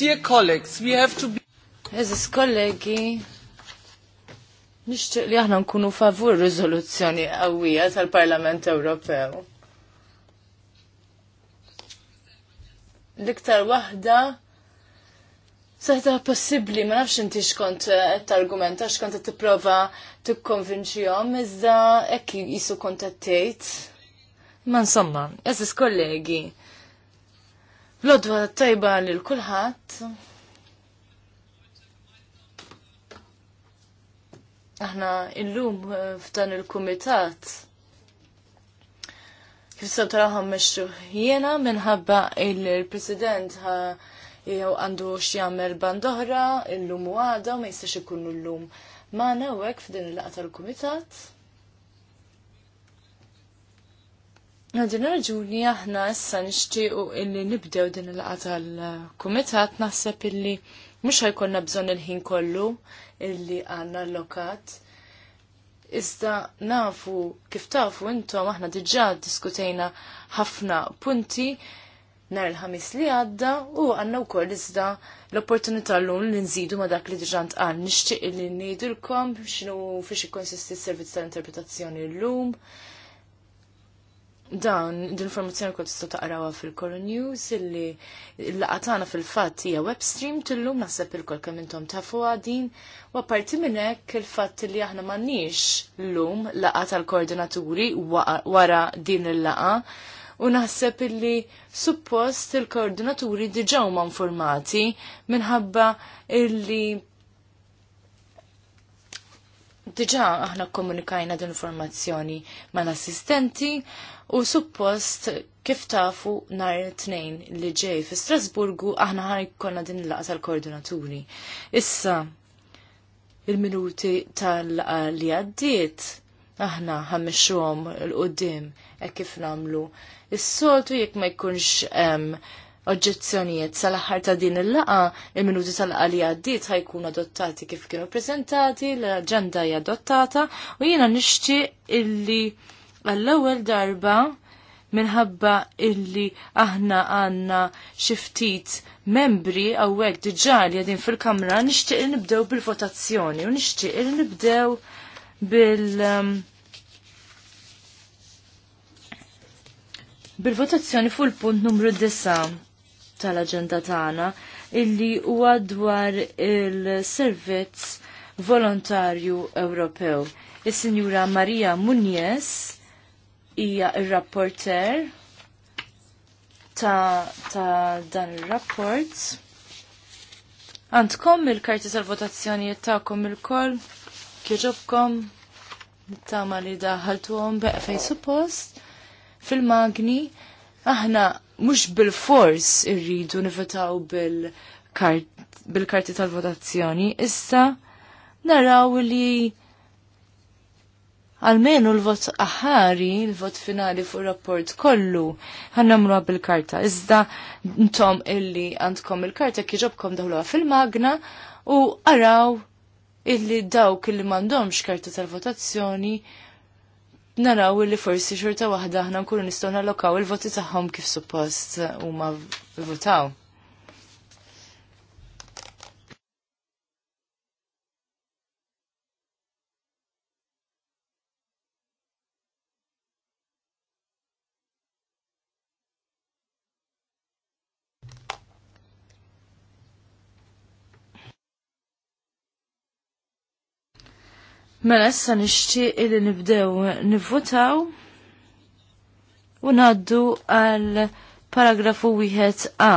Dear colleagues, we have to be... Eżis kollegi, nishtiq li aħna nkunu favur rizoluzzjoni qawwija tal-Parlament Ewropew. L-iktar waħda Seħta possibli, ma nafx inti xkont t-argumenta, xkont t-prova t-konvinċijom, iżda ekki jisu kontattejt. Ma insomma, eżis kollegi, Lodwa tajba lil kulħadd. Aħna illum eh, f'dan il-kumitat kif sew taraw meċċu jiena minħabba il-President jew għandu xjammer bandohra, illum u għada ma jistax ikun llum. Ma nawek f'din il-laqgħa tal-kumitat. Għadin raġuni aħna issa nixtiequ illi nibdew din il-laqa tal-kumitat naħseb illi mhux ħajkonna bżonn il-ħin kollu illi għandna allokat. Iżda nafu kif tafu intom aħna diġà diskutejna ħafna punti nhar il-ħamis li għadda u għandna wkoll iżda l l llum li nżidu ma dak li diġà għan nixtieq illi ngħidulkom x'inhu fiex ikkonsisti s-servizz tal-interpretazzjoni llum. lum Dan l-informazzjoni kol tista' taqrawa fil-Core News illi l-laqatana fil-fatt hija web stream tillum naħseb ilkoll kemm intom tafuha wa u apparti minn hekk il fat li aħna m'għandniex llum laqat tal-koordinaturi wara din il-laqa u naħseb illi suppost il-koordinaturi diġaw ma informati minħabba illi Diġa aħna komunikajna din informazzjoni ma' assistenti u suppost kif tafu nar tnejn li ġej fi Strasburgu aħna ħaj konna din laqa tal-koordinaturi. Issa, il-minuti tal-laqa li għaddiet aħna ħammixuhom l qoddim e kif nagħmlu. Is-soltu jekk ma jkunx hemm oġġezzjonijiet sal-aħħar ta' din il-laqa, il-minuti tal-laqa li għaddiet ħajkun adottati kif kienu prezentati, l-agenda hija adottata u jiena nixtieq illi għall-ewwel darba minħabba illi aħna għanna xiftit membri għawek li għadin fil-kamra nixtieq li nibdew bil-votazzjoni u nixtieq li nibdew bil- um, Bil-votazzjoni fuq il-punt numru 9 tal-agenda tagħna illi huwa dwar il-servizz volontarju Ewropew. Is-Sinjura Marija Munjes hija ir-rapporter ta', ta dan ir-rapport. Għandkom il-karti tal-votazzjonijiet tagħkom il-koll, kieġobkom nittama li daħaltuhom għom beqfej suppost fil-magni aħna mhux bil-fors irridu nivotaw bil-karti tal-votazzjoni, issa naraw li għalmenu l-vot aħari, l-vot finali fuq rapport kollu, għannamlu bil-karta. Iżda ntom illi għandkom il-karta kieġobkom daħluha fil-magna u għaraw illi dawk illi mandomx karta tal-votazzjoni naraw li forsi xorta waħda aħna nkunu nistgħu nallokaw il-voti tagħhom kif suppost huma votaw. Mela issa nixtieq li nibdew nivvutaw u ngħaddu għal paragrafu wieħed A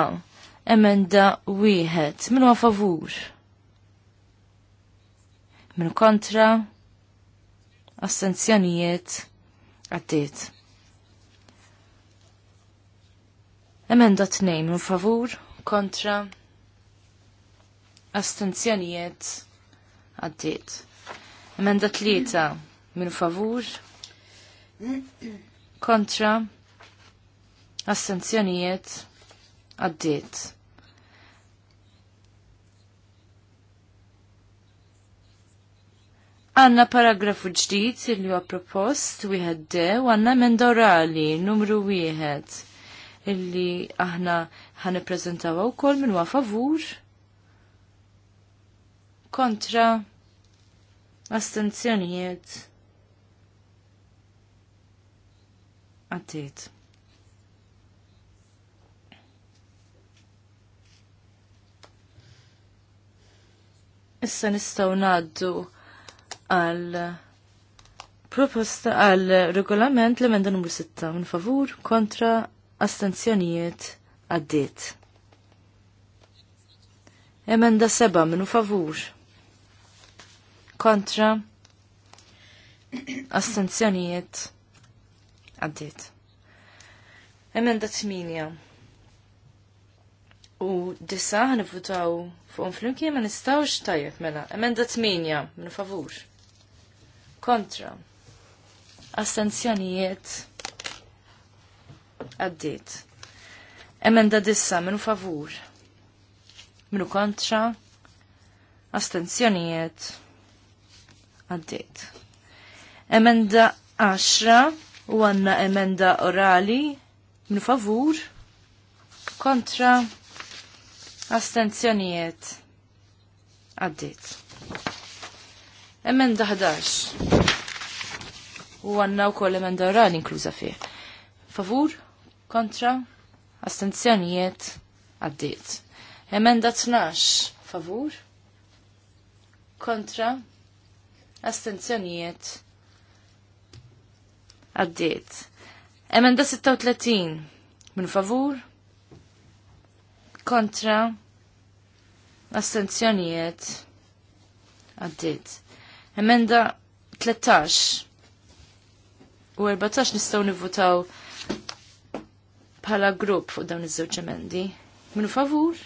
emenda wieħed. Min huwa favur? Min kontra? Assenzjonijiet għaddiet. Emenda tnejn minn favur kontra astenzjonijiet għaddiet. Emenda tlieta minn favur kontra assenzjonijiet għaddiet. Għanna paragrafu ġdid il huwa propost wieħed jħedde u għanna emenda orali numru wieħed illi aħna prezentawa u kol minn huwa favur kontra Astenzjonijiet. Għaddit. Issa nistaw naddu għal proposta għal regolament li menda numru 6 minn favur kontra astenzjonijiet għaddiet. Emenda 7 minn favur kontra astenzjonijiet għaddit. Emenda 8 u disa ħanifutaw fuq flimkien ma nistawx tajjeb mela. Emenda 8 minn favur. Kontra. Astenzjonijiet għaddit. Emenda dissa minu favur. Minu kontra. Astenzjonijiet. Għaddit. Emenda 10 u għanna emenda orali minn favur kontra astenzjonijiet. Għaddit. Emenda 11 u għanna u koll emenda orali inkluza fih. Favur, kontra, astenzjonijiet, għaddit. Emenda 12, favur, kontra, astenzjonijiet għaddiet. Emenda 36 minn favur kontra astenzjonijiet għaddiet. Emenda 13 u 14 nistaw nivvotaw bħala grupp fuq dawn iż-żewġ emendi. Min favur?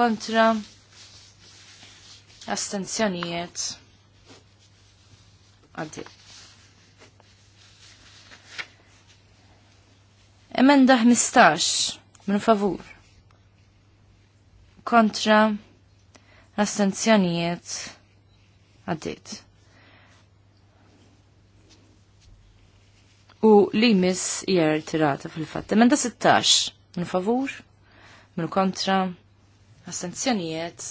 Kontra? Astenzjonijiet? Għaddi. Emenda 15, minn favur. Kontra astenzjonijiet għaddit. U li mis jer tirata fil-fatt. Emenda 16, minn favur, minn kontra astenzjonijiet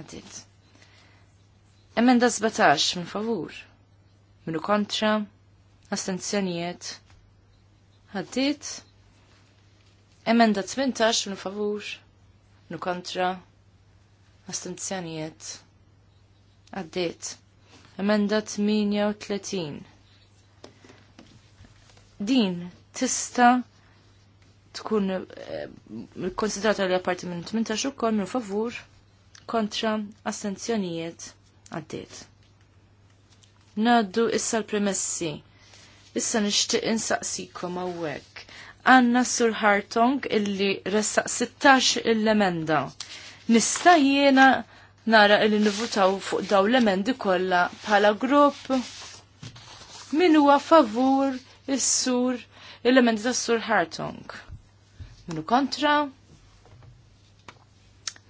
għaddit. Emenda 17 minn favur. Minu kontra. Astenzjonijiet. Għaddit. Emenda 18 minn favur. Minu kontra. Astenzjonijiet. Għaddit. Emenda 38. Din tista' tkun eh, konsidrata li apparti minn 18 ukoll minn favur kontra astenzjonijiet Għaddiet. Naddu issa l-premessi. Issa nixtieq insaqsikom hawnhekk. Għanna Sur Hartong illi ressaq 16 il emenda Nista' jiena nara illi nivutaw fuq daw l-emendi kollha bħala grupp. Min huwa favur is-sur l-emendi tas-sur Hartong? Minu kontra?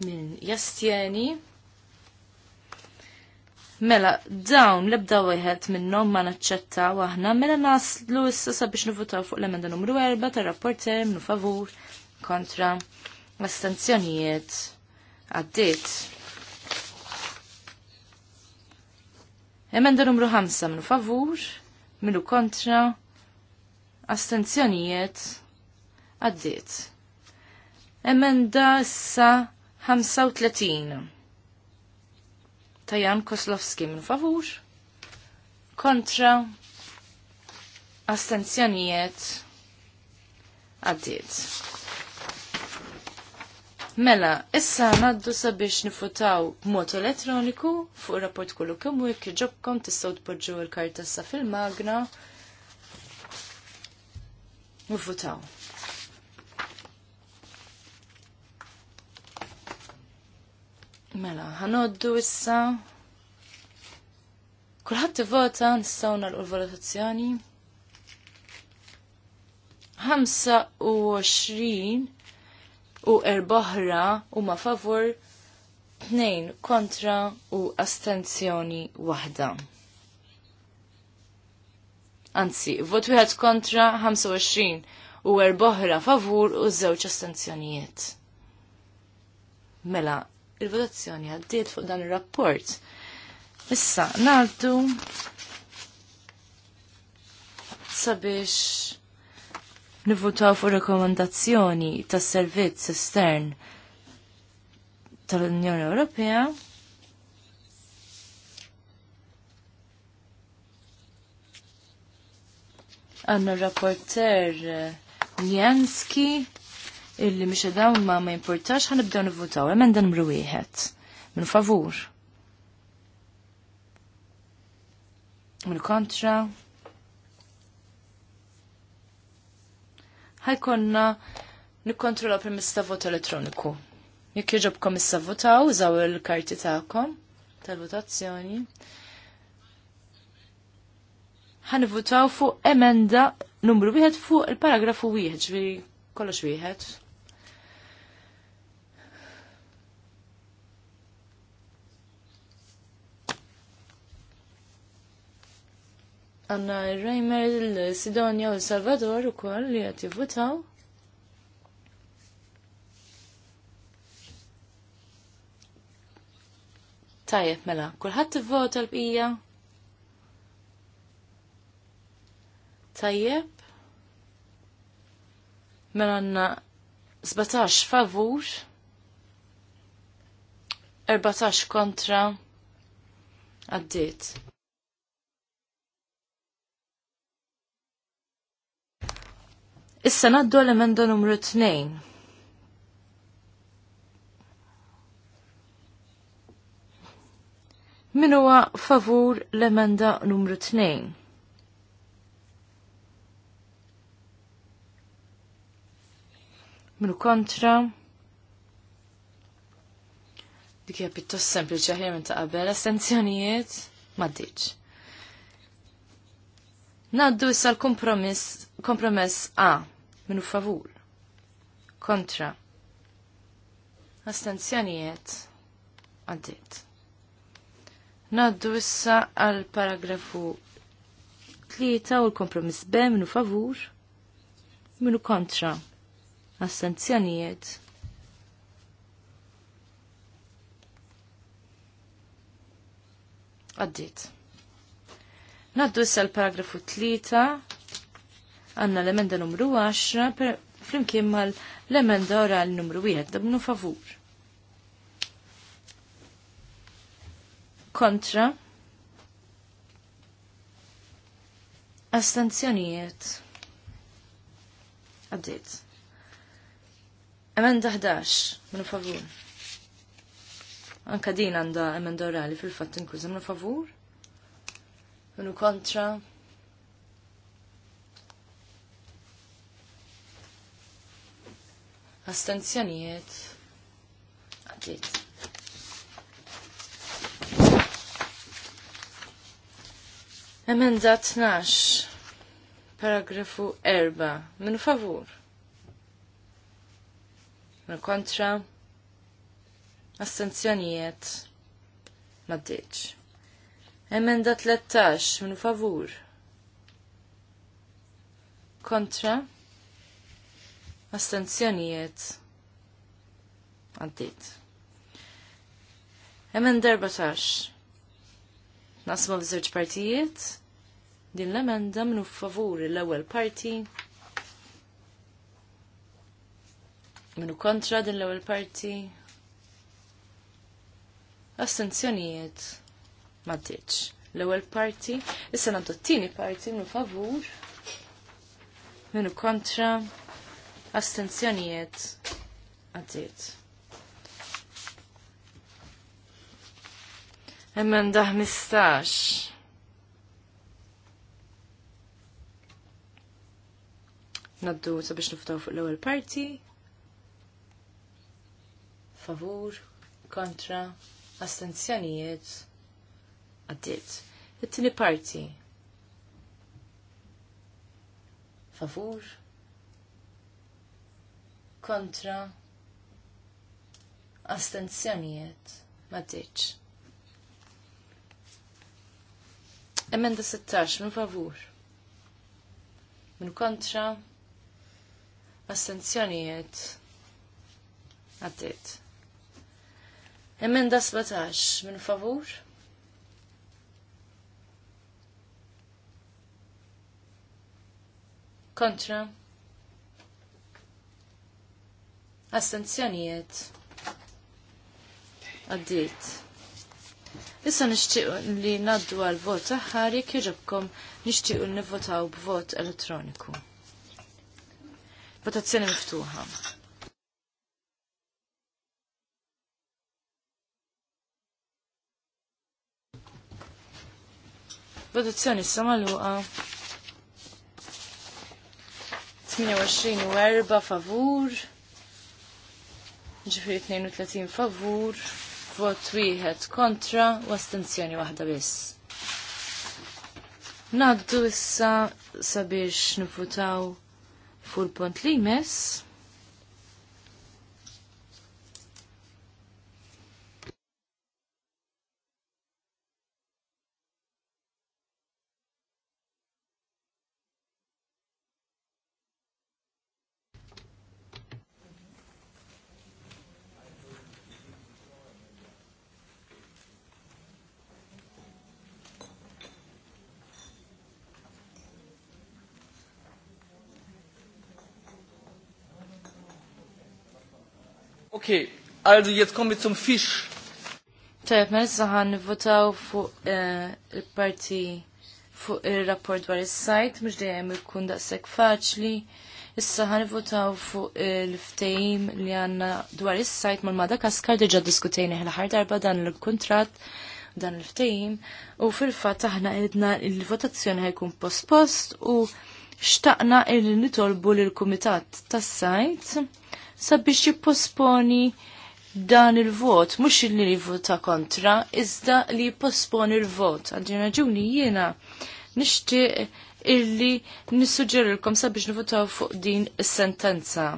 Min jastjeni? Mela, dawn l-ebda wieħed minnhom ma naċċetta aħna mela naslu issa sabiex nifutaw fuq l-emenda numru 4 tar-rapporter minnu favur kontra astenzjonijiet għaddiet. Emenda numru 5 minnu favur, minnu kontra astenzjonijiet għaddiet. Emenda issa 35 ta' Jan Koslowski minn favur kontra astenzjonijiet għaddiet. Mela, issa naddu sabiex nifutaw b'mod elettroniku fuq rapport kollu kemm hu jekk iġobkom tistgħu tpoġġu l-kartessa fil-magna Nifutaw. Mela, ħanoddu issa. Kulħadd ivota nistgħu nagħlqu l-votazzjoni. 25 u erboħra huma favur tnejn kontra u astenzjoni waħda. Anzi, vot wieħed kontra 25 u erboħra favur u żewġ astenzjonijiet. Mela, il-votazzjoni għaddiet fuq dan il-rapport. Issa, naħdu sabiex nivvotaw fuq rekomendazzjoni tas servizz estern tal-Unjoni Ewropea għanna rapporter Uh, illi miex dawn ma ma importax ħanibdew nivvotaw emenda numru wieħed. Minn favur. Minn kontra. Ħajkonna nikkontrolla permezz ta' vot elettroniku. Jekk jġobkom issa votaw, użaw il-karti tagħkom tal-votazzjoni. Ħanivvutaw fuq emenda numru wieħed fuq il-paragrafu wieħed, ġifieri kollox wieħed. għanna il Reimer, il sidonia u Salvador u koll li għati votaw. Tajjeb, mela, kullħat t-vota l-bija? Tajjeb? Mela għanna 17 favur, 14 kontra, għaddit. Issa naddu l-emenda numru 2. Min huwa favur l-emenda numru 2? Minu kontra? Dik hija pjuttost sempliċi aħjar minn ta' qabel, astenzjonijiet m'għaddiġ. Naddu issa l-kompromess kompromess A minu favur. Kontra. Astenzjonijiet għaddit. Naddu issa għal paragrafu 3 u l-kompromiss B minu favur, minu kontra. Astenzjonijiet għaddit. Naddu issa l-paragrafu 3 Għanna l-emenda numru 10 per, flimkien mal l-emenda orali numru 1 dabnu favur. Kontra. Astanzjonijiet. Għaddit. Emenda 11 minu favur. Anka din għanda emenda orali fil-fat inkluż minu favur. Minu kontra. Astenzjonijiet. Għaddiet. Emenda 12. Paragrafu 4. minn favur. Minn kontra. Astenzjonijiet. Maddiċ. Emenda 13. minn favur. Kontra. Astenzjonijiet. Għaddit. Emen darba tax. Nasma f'żewġ partijiet. Din l-emenda minu favur l-ewwel parti. Minu kontra din l-ewwel parti. Astenzjonijiet. Ma L-ewwel parti. Issa nagħtu t-tieni parti minu favur. Minu kontra astenzjonijiet għaddiet. daħ mistax. Naddu sabiex niftaw fuq l-ewwel parti. Favur, kontra, astenzjonijiet, għaddiet. It-tieni parti. Favur, kontra astenzjonijiet ma tiċ. Emenda 16, min favur. Min kontra astenzjonijiet għaddit. Emenda 17, minn favur. Kontra. Astenzjonijiet. Għaddit. Issa nixtieq li naddu għal vot aħħar jekk jogħġobkom nixtiequ nivvotaw b'vot elettroniku. Votazzjoni miftuħa. Votazzjoni issa magħluqa. 28 u 4 favur ġifiri 32 favur, vot wieħed kontra u astenzjoni waħda biss. Naddu issa sabiex nifutaw fuq il-punt li jmess. Okay, also jetzt kommen wir zum Fisch. Tajab, ma nissa ħan fuq eh, il-parti fuq il-rapport dwar il-sajt, mux dejjem ikkun daqsek faċli. Issa ħan votaw fuq il-ftejim li għanna dwar il-sajt mal Madagaskar diġa diskutejni ħal-ħar darba dan il-kontrat dan il-ftejim u fil-fat aħna għedna il-votazzjoni ħajkun post-post u xtaqna illi nitolbu l kumitat tas-sajt sabiex jipposponi dan il-vot, mux illi jivvota kontra, iżda li jipposponi il-vot. Għadġi raġuni jiena nixtieq illi nissuġġerilkom sabiex nivotaw fuq din is-sentenza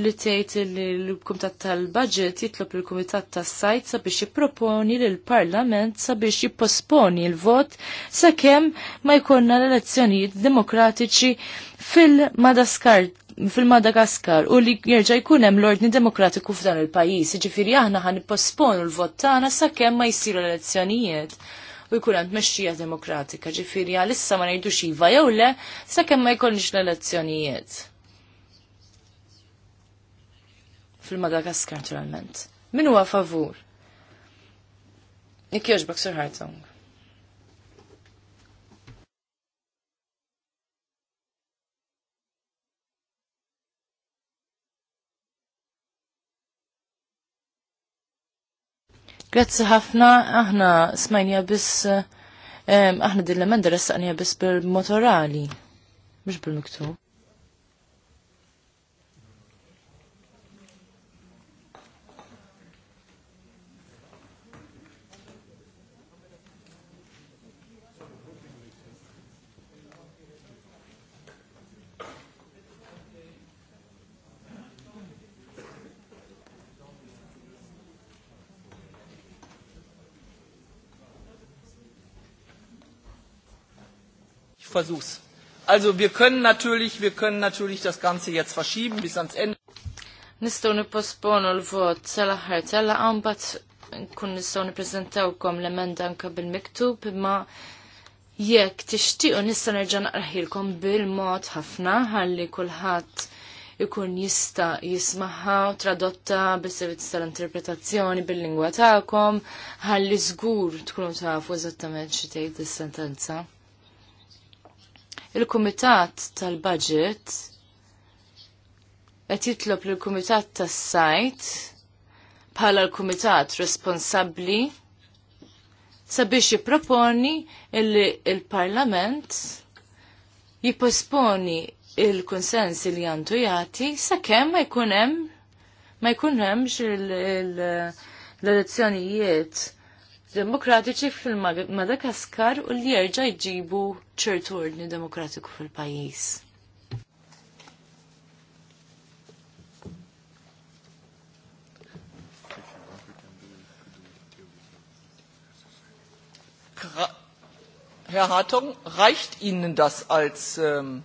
li tgħid li l-Kumitat tal-Budget jitlob il-Kumitat tas-Sajt sabiex jipproponi lil parlament sabiex jipposponi l-vot sakemm ma jkollna l-elezzjonijiet demokratiċi fil-Madaskar fil-Madagaskar u li jerġa' jkun hemm l-ordni demokratiku f'dan il-pajjiż, jiġifieri aħna ħan nipposponu l-vot tagħna sakemm ma jsiru l-elezzjonijiet u jkun għand mexxija demokratika, ġifieri għalissa ma ngħidux iva jew le sakemm ma jkollniex l-elezzjonijiet. fil-Madagaskar naturalment. Min huwa favur? Jekk jogħġbok Sir Hartung. Grazzi ħafna, aħna smajnija biss, eh, aħna din l-emenda biss bil-motorali, mux bil-miktub. Versuchs. Also wir können natürlich, wir können natürlich das Ganze jetzt verschieben bis ans Ende. Nistgħu nipposponu l-vot sal-aħħar tal-laqgħa nkun nistgħu nippreżentawkom l-emenda anke bil-miktub imma jekk tixtiequ nista' nerġa' naqraħilkom bil-mod ħafna ħalli kulħadd ikun jista' u tradotta bis-servizz tal-interpretazzjoni bil-lingwa tagħkom ħalli żgur tkunu tafu eżattament xi tgħid is-sentenza. Il-Kumitat tal-Budget qed jitlob lill-Kumitat tas-Sajt bħala l-Kumitat responsabbli sabiex jipproponi illi il-Parlament jipposponi il-konsens li għandu jagħti sakemm ma jkun hemm ma jkun hemmx l-elezzjonijiet demokratiċi fil-Madagaskar u li jerġa' jġibu ċertu ordni demokratiku fil-pajjiż. Herr Hartung, reicht Ihnen das als... Ähm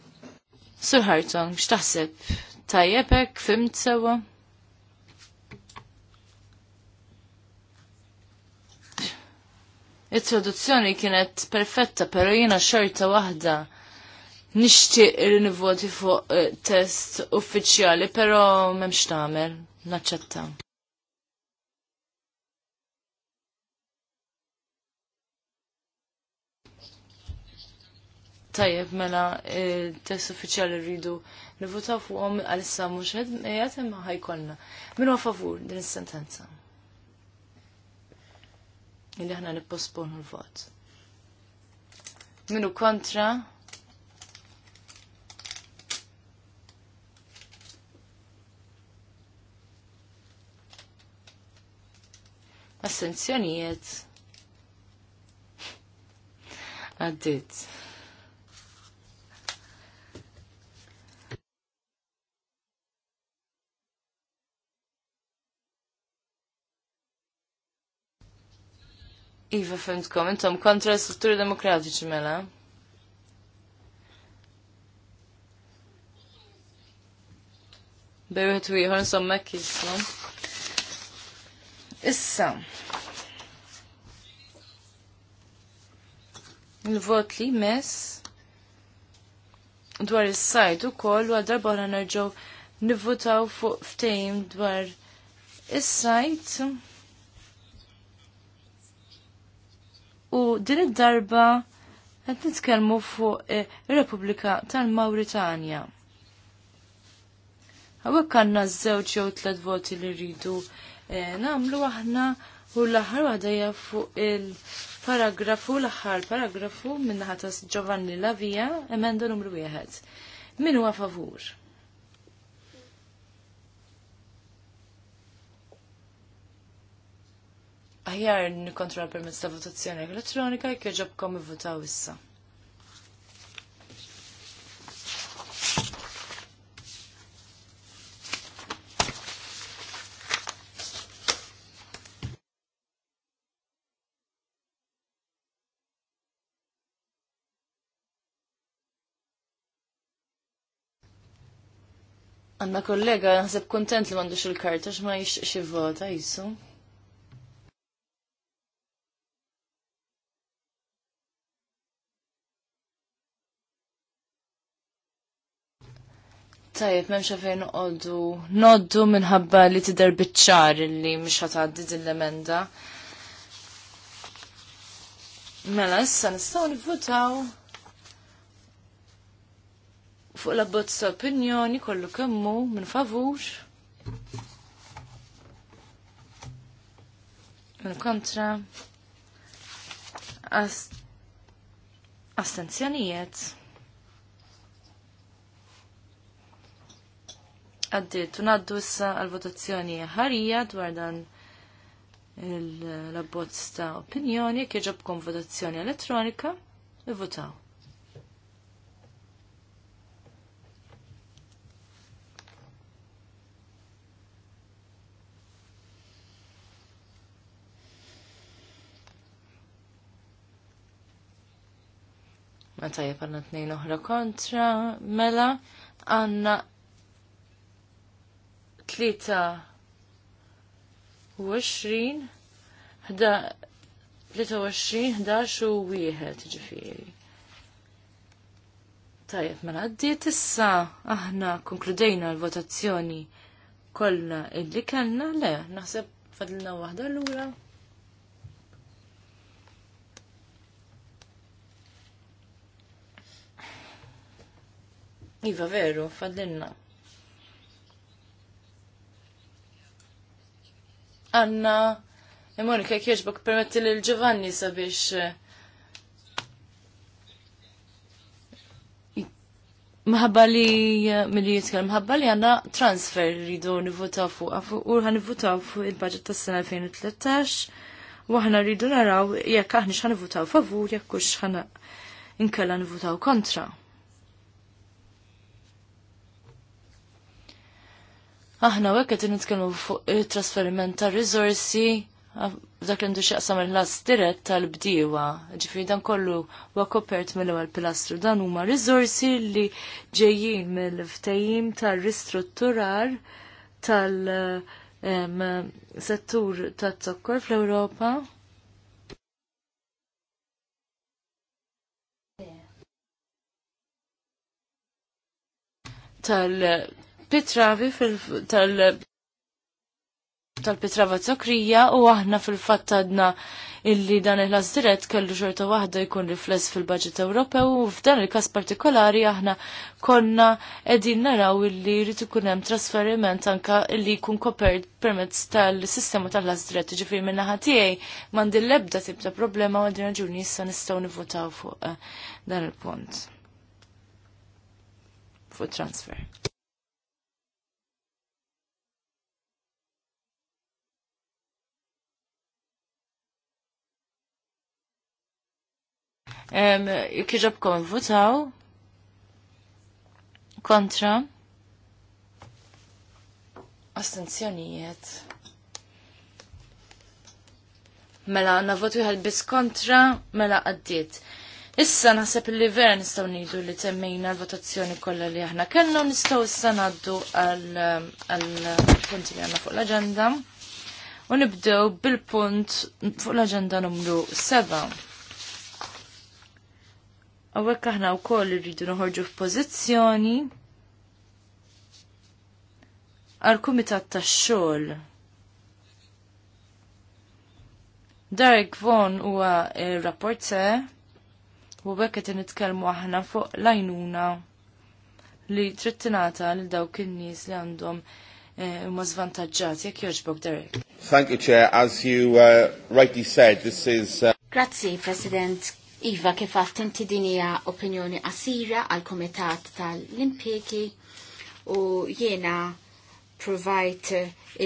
Sir Hartung, ich dachte, fimt Fimtsewa? it-traduzzjoni kienet perfetta, pero jiena xorta waħda nixtieq li nivvoti fuq eh, test uffiċjali, pero m'hemmx nagħmel, naċċetta. Tajjeb, mela, test uffiċjali rridu nivvotaw fuqhom għalissa mhux issa muxed, imma ħajkonna. Min huwa favur din is-sentenza? illi ħna nipposponu l-vot. Minu kontra? Assenzjonijiet. Għaddit. Iva fimtkom, intom kontra l-strutturi demokratiċi mela. Bewet u jħor insomma kisnu. Issa. Il-vot li mess dwar is-sajt ukoll u għadarba ħana nerġgħu nivvutaw fuq ftejm dwar is-sajt. U din id-darba qed nitkellmu fuq ir-Repubblika eh, tal-Mawritanja. Hawnhekk għandna żewġ jew tliet voti li rridu eh, nagħmlu aħna u l-aħħar waħda hija fuq il-paragrafu l-aħħar paragrafu minnaħa ta' Giovanni Lavija, emenda numru wieħed. Min huwa favur? aħjar l permezz ta' votazzjoni elettronika jekk jogħġobkom ivvutaw issa. Għanna kollega, naħseb kontent li mandux il-karta, xma jix xivvota, jisu. Tajjeb, memxa fejn noqogħdu noddu minħabba li tidher biċ-ċar li mhux ħatgħaddi din l-emenda. Mela issa nistgħu votaw fuq la bozza opinjoni kollu kemmu minn favur. Minn kontra. Astenzjonijiet. Għaddit, unaddu issa għal-votazzjoni ħarija dwar dan l-abbozz ta' opinjoni, jekk votazzjoni elettronika, votaw. Ma tajja parna t-nejn oħra kontra, mela għanna uxrin, 23 u wieħed ġifieri. Tajjeb, mela għaddiet issa aħna konkludejna l-votazzjoni kollha illi kellna le, naħseb fadlna waħda lura. Iva veru, fadlinna. Anna, e Monika kieġbok permetti lil Giovanni sabiex eh, Mħabba li eh, mill-li mħabba li għanna transfer rridu nivvotaw fuq, u għan fuq il-budget tas sena 2013, u għanna rridu naraw jekk aħni x'ħan nivvotaw favur, jekk ux xan inkella nivvotaw kontra. Aħna wek qed nitkellmu fuq it-trasferiment ta' riżorsi dak li xaqsam il-ħlas dirett tal-bdiewa. ġifi dan kollu huwa kopert mill-ewwel pilastru dan huma riżorsi li ġejjin mill-ftehim tar-ristrutturar tal-settur tat-tokkor fl-Ewropa. tal pitravi tal- tal-pitrava zokrija u aħna fil-fattadna illi dan il diret kellu xorta waħda jkun rifless fil-budget Ewropew u f'dan il-kas partikolari aħna konna edin naraw illi jrid ikun hemm trasferiment anka illi jkun kopert permezz tal-sistema tal-ħlas diret ġifir minn naħa tiegħi m'għandi l-ebda tibda problema u għandi raġuni issa nistgħu nivvotaw fuq eh, dan il-punt. Fuq transfer. Kieġobkom votaw kontra astenzjonijiet. Mela għanna votu bis kontra, mela għaddiet. Issa naħseb li vera nistaw nidu li temmejna l-votazzjoni kollha li aħna kellu nistaw issa naddu għall-punti li għandna fuq l-aġenda. U nibdew bil-punt fuq l-aġenda numru 7. Għawek aħna u koll rridu noħorġu f'pożizzjoni għal-Kumitat tax-xogħol. Derek Von huwa r-rapporte u għet nitkelmu aħna fuq lajnuna li trittinata lil dawk in-nies li għandhom eh, huma żvantaġġati jekk jogħġbok Derek. Thank you, Chair. As you uh, rightly said, this is... Uh... Grazzi, President Iva kif għaft inti dinija opinjoni qasira għal komitat tal-impjegi u jiena provajt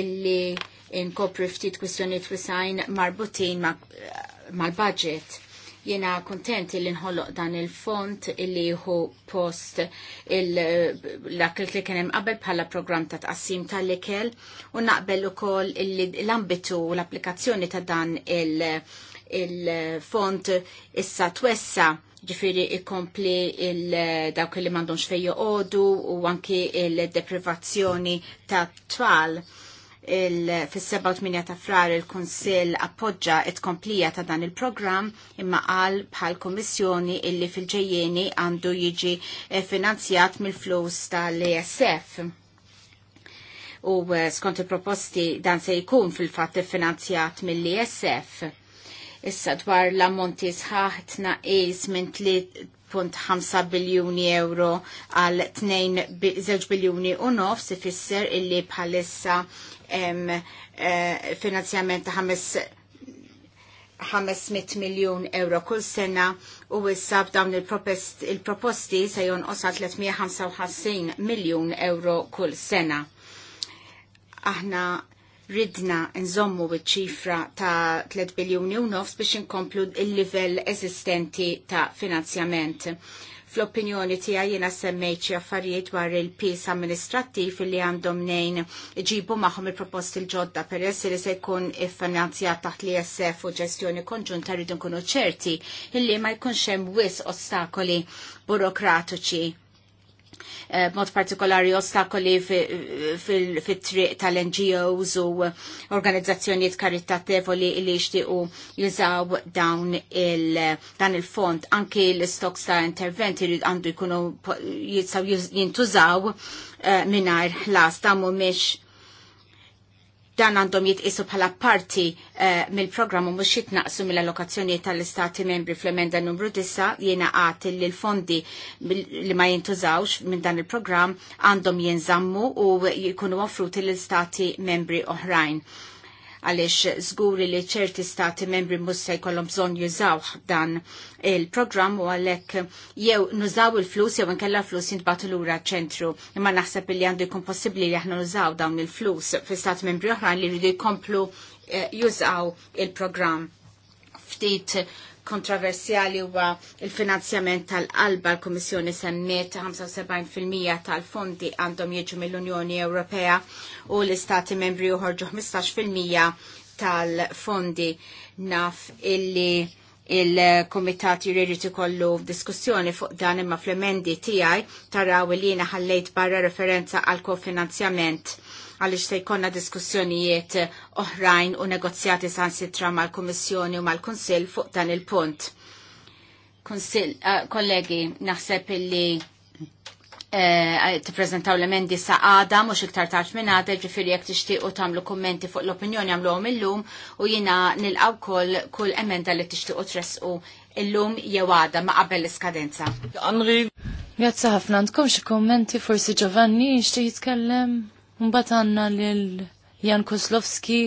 illi inkopri ftit kwistjoniet wisajn marbutin mal-budget. Jiena kontent illi nħolloq dan il-font illi hu post l-akil li kienem qabel bħala program ta' tqassim tal-ikel u naqbel ukoll l-ambitu u l-applikazzjoni ta' dan il- il-font issa twessa ġifiri ikompli il-dawk li mandon fejju odu u anki il-deprivazzjoni ta' tfal fis 7 ta' frar il-Konsil appoġġa it-komplija ta' dan il-program imma għal bħal komissjoni illi fil-ġejjeni għandu jiġi eh, finanzjat mill-flus tal-ESF. U eh, skont il-proposti dan se jkun fil-fat finanzjat mill-ESF Issa dwar l-ammonti sħaħ tnaqis minn 3.5 biljuni euro għal 2 biljuni u nofs ifisser illi bħalissa eh, finanzjament ta' 500 miljon euro kull sena u issa b'dawn il-proposti se jonqos 355 miljon euro kull sena. Aħna ridna nżommu ċifra ta' 3 biljuni u nofs biex inkomplu il-livell eżistenti ta' finanzjament. Fl-opinjoni tiegħi jiena semmejt xi affarijiet dwar il-pis amministrattiv li għandhom nejn ġibu magħhom il-proposti l-ġodda peress li se jkun iffinanzjat taħt li jessef u ġestjoni konġunta rridu nkunu ċerti illi ma jkunx hemm wis ostakoli burokratiċi Eh, mod partikolari ostakoli fil-triq tal-NGOs u organizzazzjonijiet karittatevoli li jixtiequ jużaw dawn il-dan il-fond. Anki l-stoks ta' interventi intervent għandu jkunu jintużaw eh, minar ħlas ta' mumiex dan għandhom jitqisu bħala parti eh, mill-programm u mhux jitnaqsu mill-allokazzjoni tal-istati membri fl-emenda numru 9 jiena għati li l-fondi li ma jintużawx minn dan il-programm għandhom jinżammu u jkunu offruti l-istati membri oħrajn għaliex żguri li ċerti stati membri mhux se jkollhom bżonn jużaw dan il-programm u għalhekk jew nużaw il-flus jew nkella flus jintbatu l-ura ċentru. Imma naħseb li għandu jkun possibbli li aħna nużaw dawn il-flus fi stati membri oħra li jridu jkomplu eh, jużaw il-programm ftit kontroversjali huwa il-finanzjament tal-qalba l-Kummissjoni semmiet 75% tal-fondi għandhom jiġu mill-Unjoni Ewropea u l-Istati membri uħorġu 15% tal-fondi naf illi il-komitat jiridu kollu diskussjoni fuq dan imma fl-emendi tiegħi taraw li jiena ħallejt barra referenza għal kofinanzjament għaliex se jkollna diskussjonijiet oħrajn u negozjati sansitra mal-Kummissjoni u mal-Kunsill fuq dan il-punt. Konsil, uh, eh, kollegi, naħseb illi uh, t-prezentaw l-emendi sa għada, mux iktar taċ minnata, ġifiri jek t u tamlu kommenti fuq l-opinjoni għamlu għom il-lum u jina nil-għaw kol kull emenda li t-ixtiqu tresqu illum jew għada ma qabel l-iskadenza. Għanri. Grazzi ħafna, għandkom xi kommenti forsi Giovanni xie jitkellem? Mbagħad għandna lil Jan Kozlovski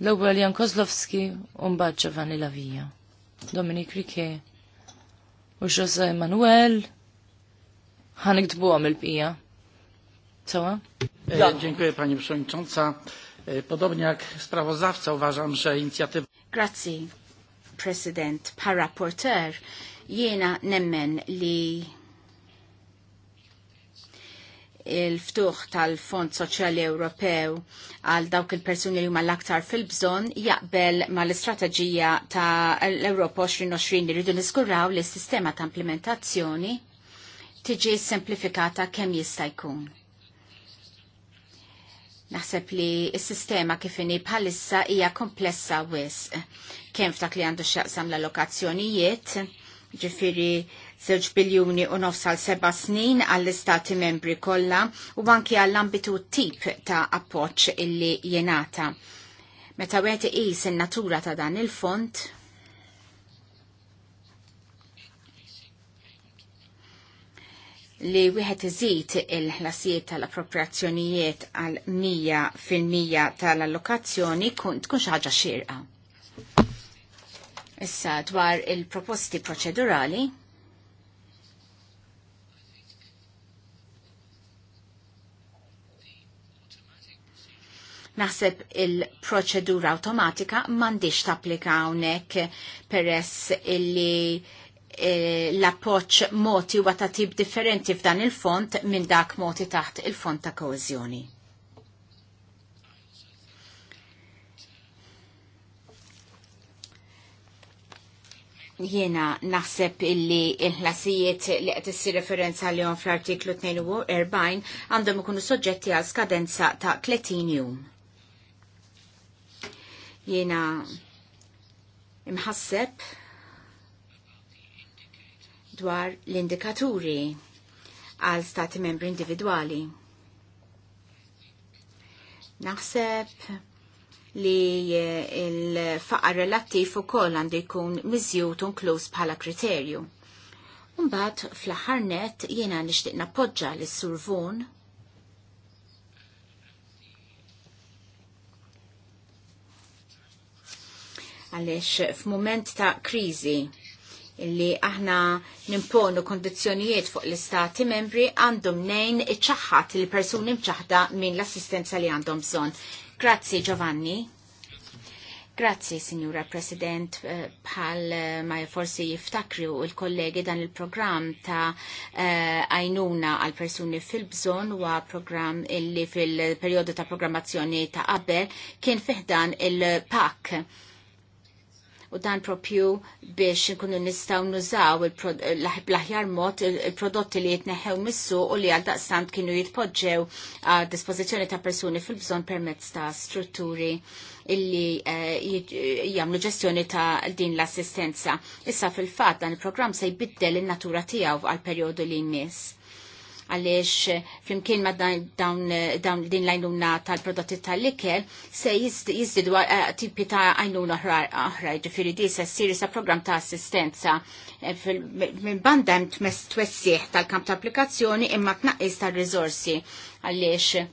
l-ewwel Jan Kozlovski u mbagħad Giovanni Lavija. Dominik Rike u Jose Manuel ħaniktbu għam il-pija. Cała? E, ja. Dziękuję Pani Przewodnicząca. E, podobnie jak sprawozdawca uważam, że inicjatywa... Grazie, President. Paraporter, jena nemmen li il-ftuħ tal-Fond Soċjali Ewropew għal dawk il-persuni li huma l-aktar fil-bżonn jaqbel ma l-istrateġija ta' l-Ewropa 2020 iridu niskuraw li s-sistema ta' implementazzjoni tiġi simplifikata kemm jista' jkun. Naħseb li s-sistema kifini bħalissa hija komplessa wisq kemm f'dak li għandu x'jaqsam l-allokazzjonijiet, ġifieri żewġ biljuni u nofsal seba snin għall-istati membri kollha u banki għall-ambitu tip ta' appoċ illi jenata. Meta wieħed iqis in-natura ta' dan il-font, li wieħed iżid il-ħlasijiet tal-appropriazzjonijiet għal 100% tal-allokazzjoni kun tkun xi ħaġa xierqa. Issa dwar il-proposti proċedurali, Naħseb il-proċedura automatika mandiċ tapplika hawnhekk peress illi eh, l-appoċ moti u ta' tip differenti f'dan il-font minn dak moti taħt il-font ta' kohezjoni. Jiena naħseb illi il-ħlasijiet li qed issir referenza li fl-artiklu 42 għandhom ikunu soġġetti għal skadenza ta' 30 jum. Jiena imħasseb dwar l-indikaturi għal stati membri individuali. Naħseb li il-faqar relattiv u koll għandu jkun mizjut unkluż bħala kriterju. Umbat fl-ħarnet jiena nishtiqna nappoġġa l-survun għaliex f'mument ta' kriżi illi aħna nimponu kondizjonijiet fuq l-istati membri għandhom nejn iċaħħat il persuni mċaħda minn l-assistenza li għandhom bżon. Grazzi Giovanni. Grazzi, Signora President, eh, bħal eh, ma forsi jiftakri u l kollegi dan il-program ta' eh, għajnuna għal persuni fil-bżon u program illi fil-periodu ta' programmazzjoni ta' qabel kien fiħdan il-PAK u dan propju biex nkunu nistaw nużaw l-aħjar mod il-prodotti li jitneħew missu u li għal daqsant kienu jitpoġġew a dispozizjoni ta' persuni fil-bżon permezz ta' strutturi illi uh, eh, jamlu ġestjoni ta' din l-assistenza. Issa fil-fat dan il-programm se jbiddel in natura tiegħu għal perjodu li jmiss għaliex flimkien ma dawn din l-għajnuna tal-prodotti tal-likel se jizdidu eh, tipi ta' għajnuna oħra ġifiri di se siri sa' program ta' assistenza eh, minn banda twessiħ tal-kamp ta' applikazzjoni imma tnaqqis tal-rizorsi għaliex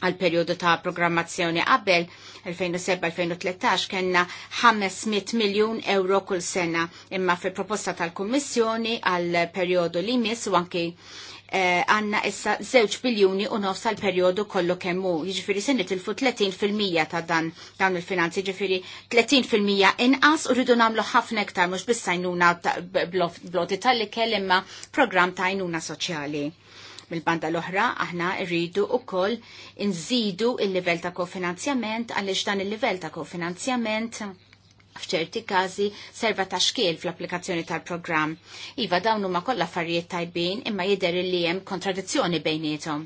għal periodu ta' programmazzjoni qabel 2007-2013 kena 500 miljon euro kull sena imma fil proposta tal-Kommissjoni għal periodu li mis u anki Eh, għanna issa zewċ biljuni u nofs għal periodu kollu kemmu. Ġifiri sinni tilfu 30% ta' dan dan il-finanzi, ġifiri 30% inqas u rridu namlu ħafna iktar mux bissajnuna bloti tal-li kellimma program ta' jnuna soċjali. Mil-banda l-oħra, aħna rridu u koll nżidu il-level ta' kofinanzjament, għalix dan il-level ta' kofinanzjament f'ċerti każi serva ta' xkiel fl-applikazzjoni tal-programm. Iva dawn huma kollha affarijiet tajbin imma jidher li hemm kontradizzjoni bejniethom.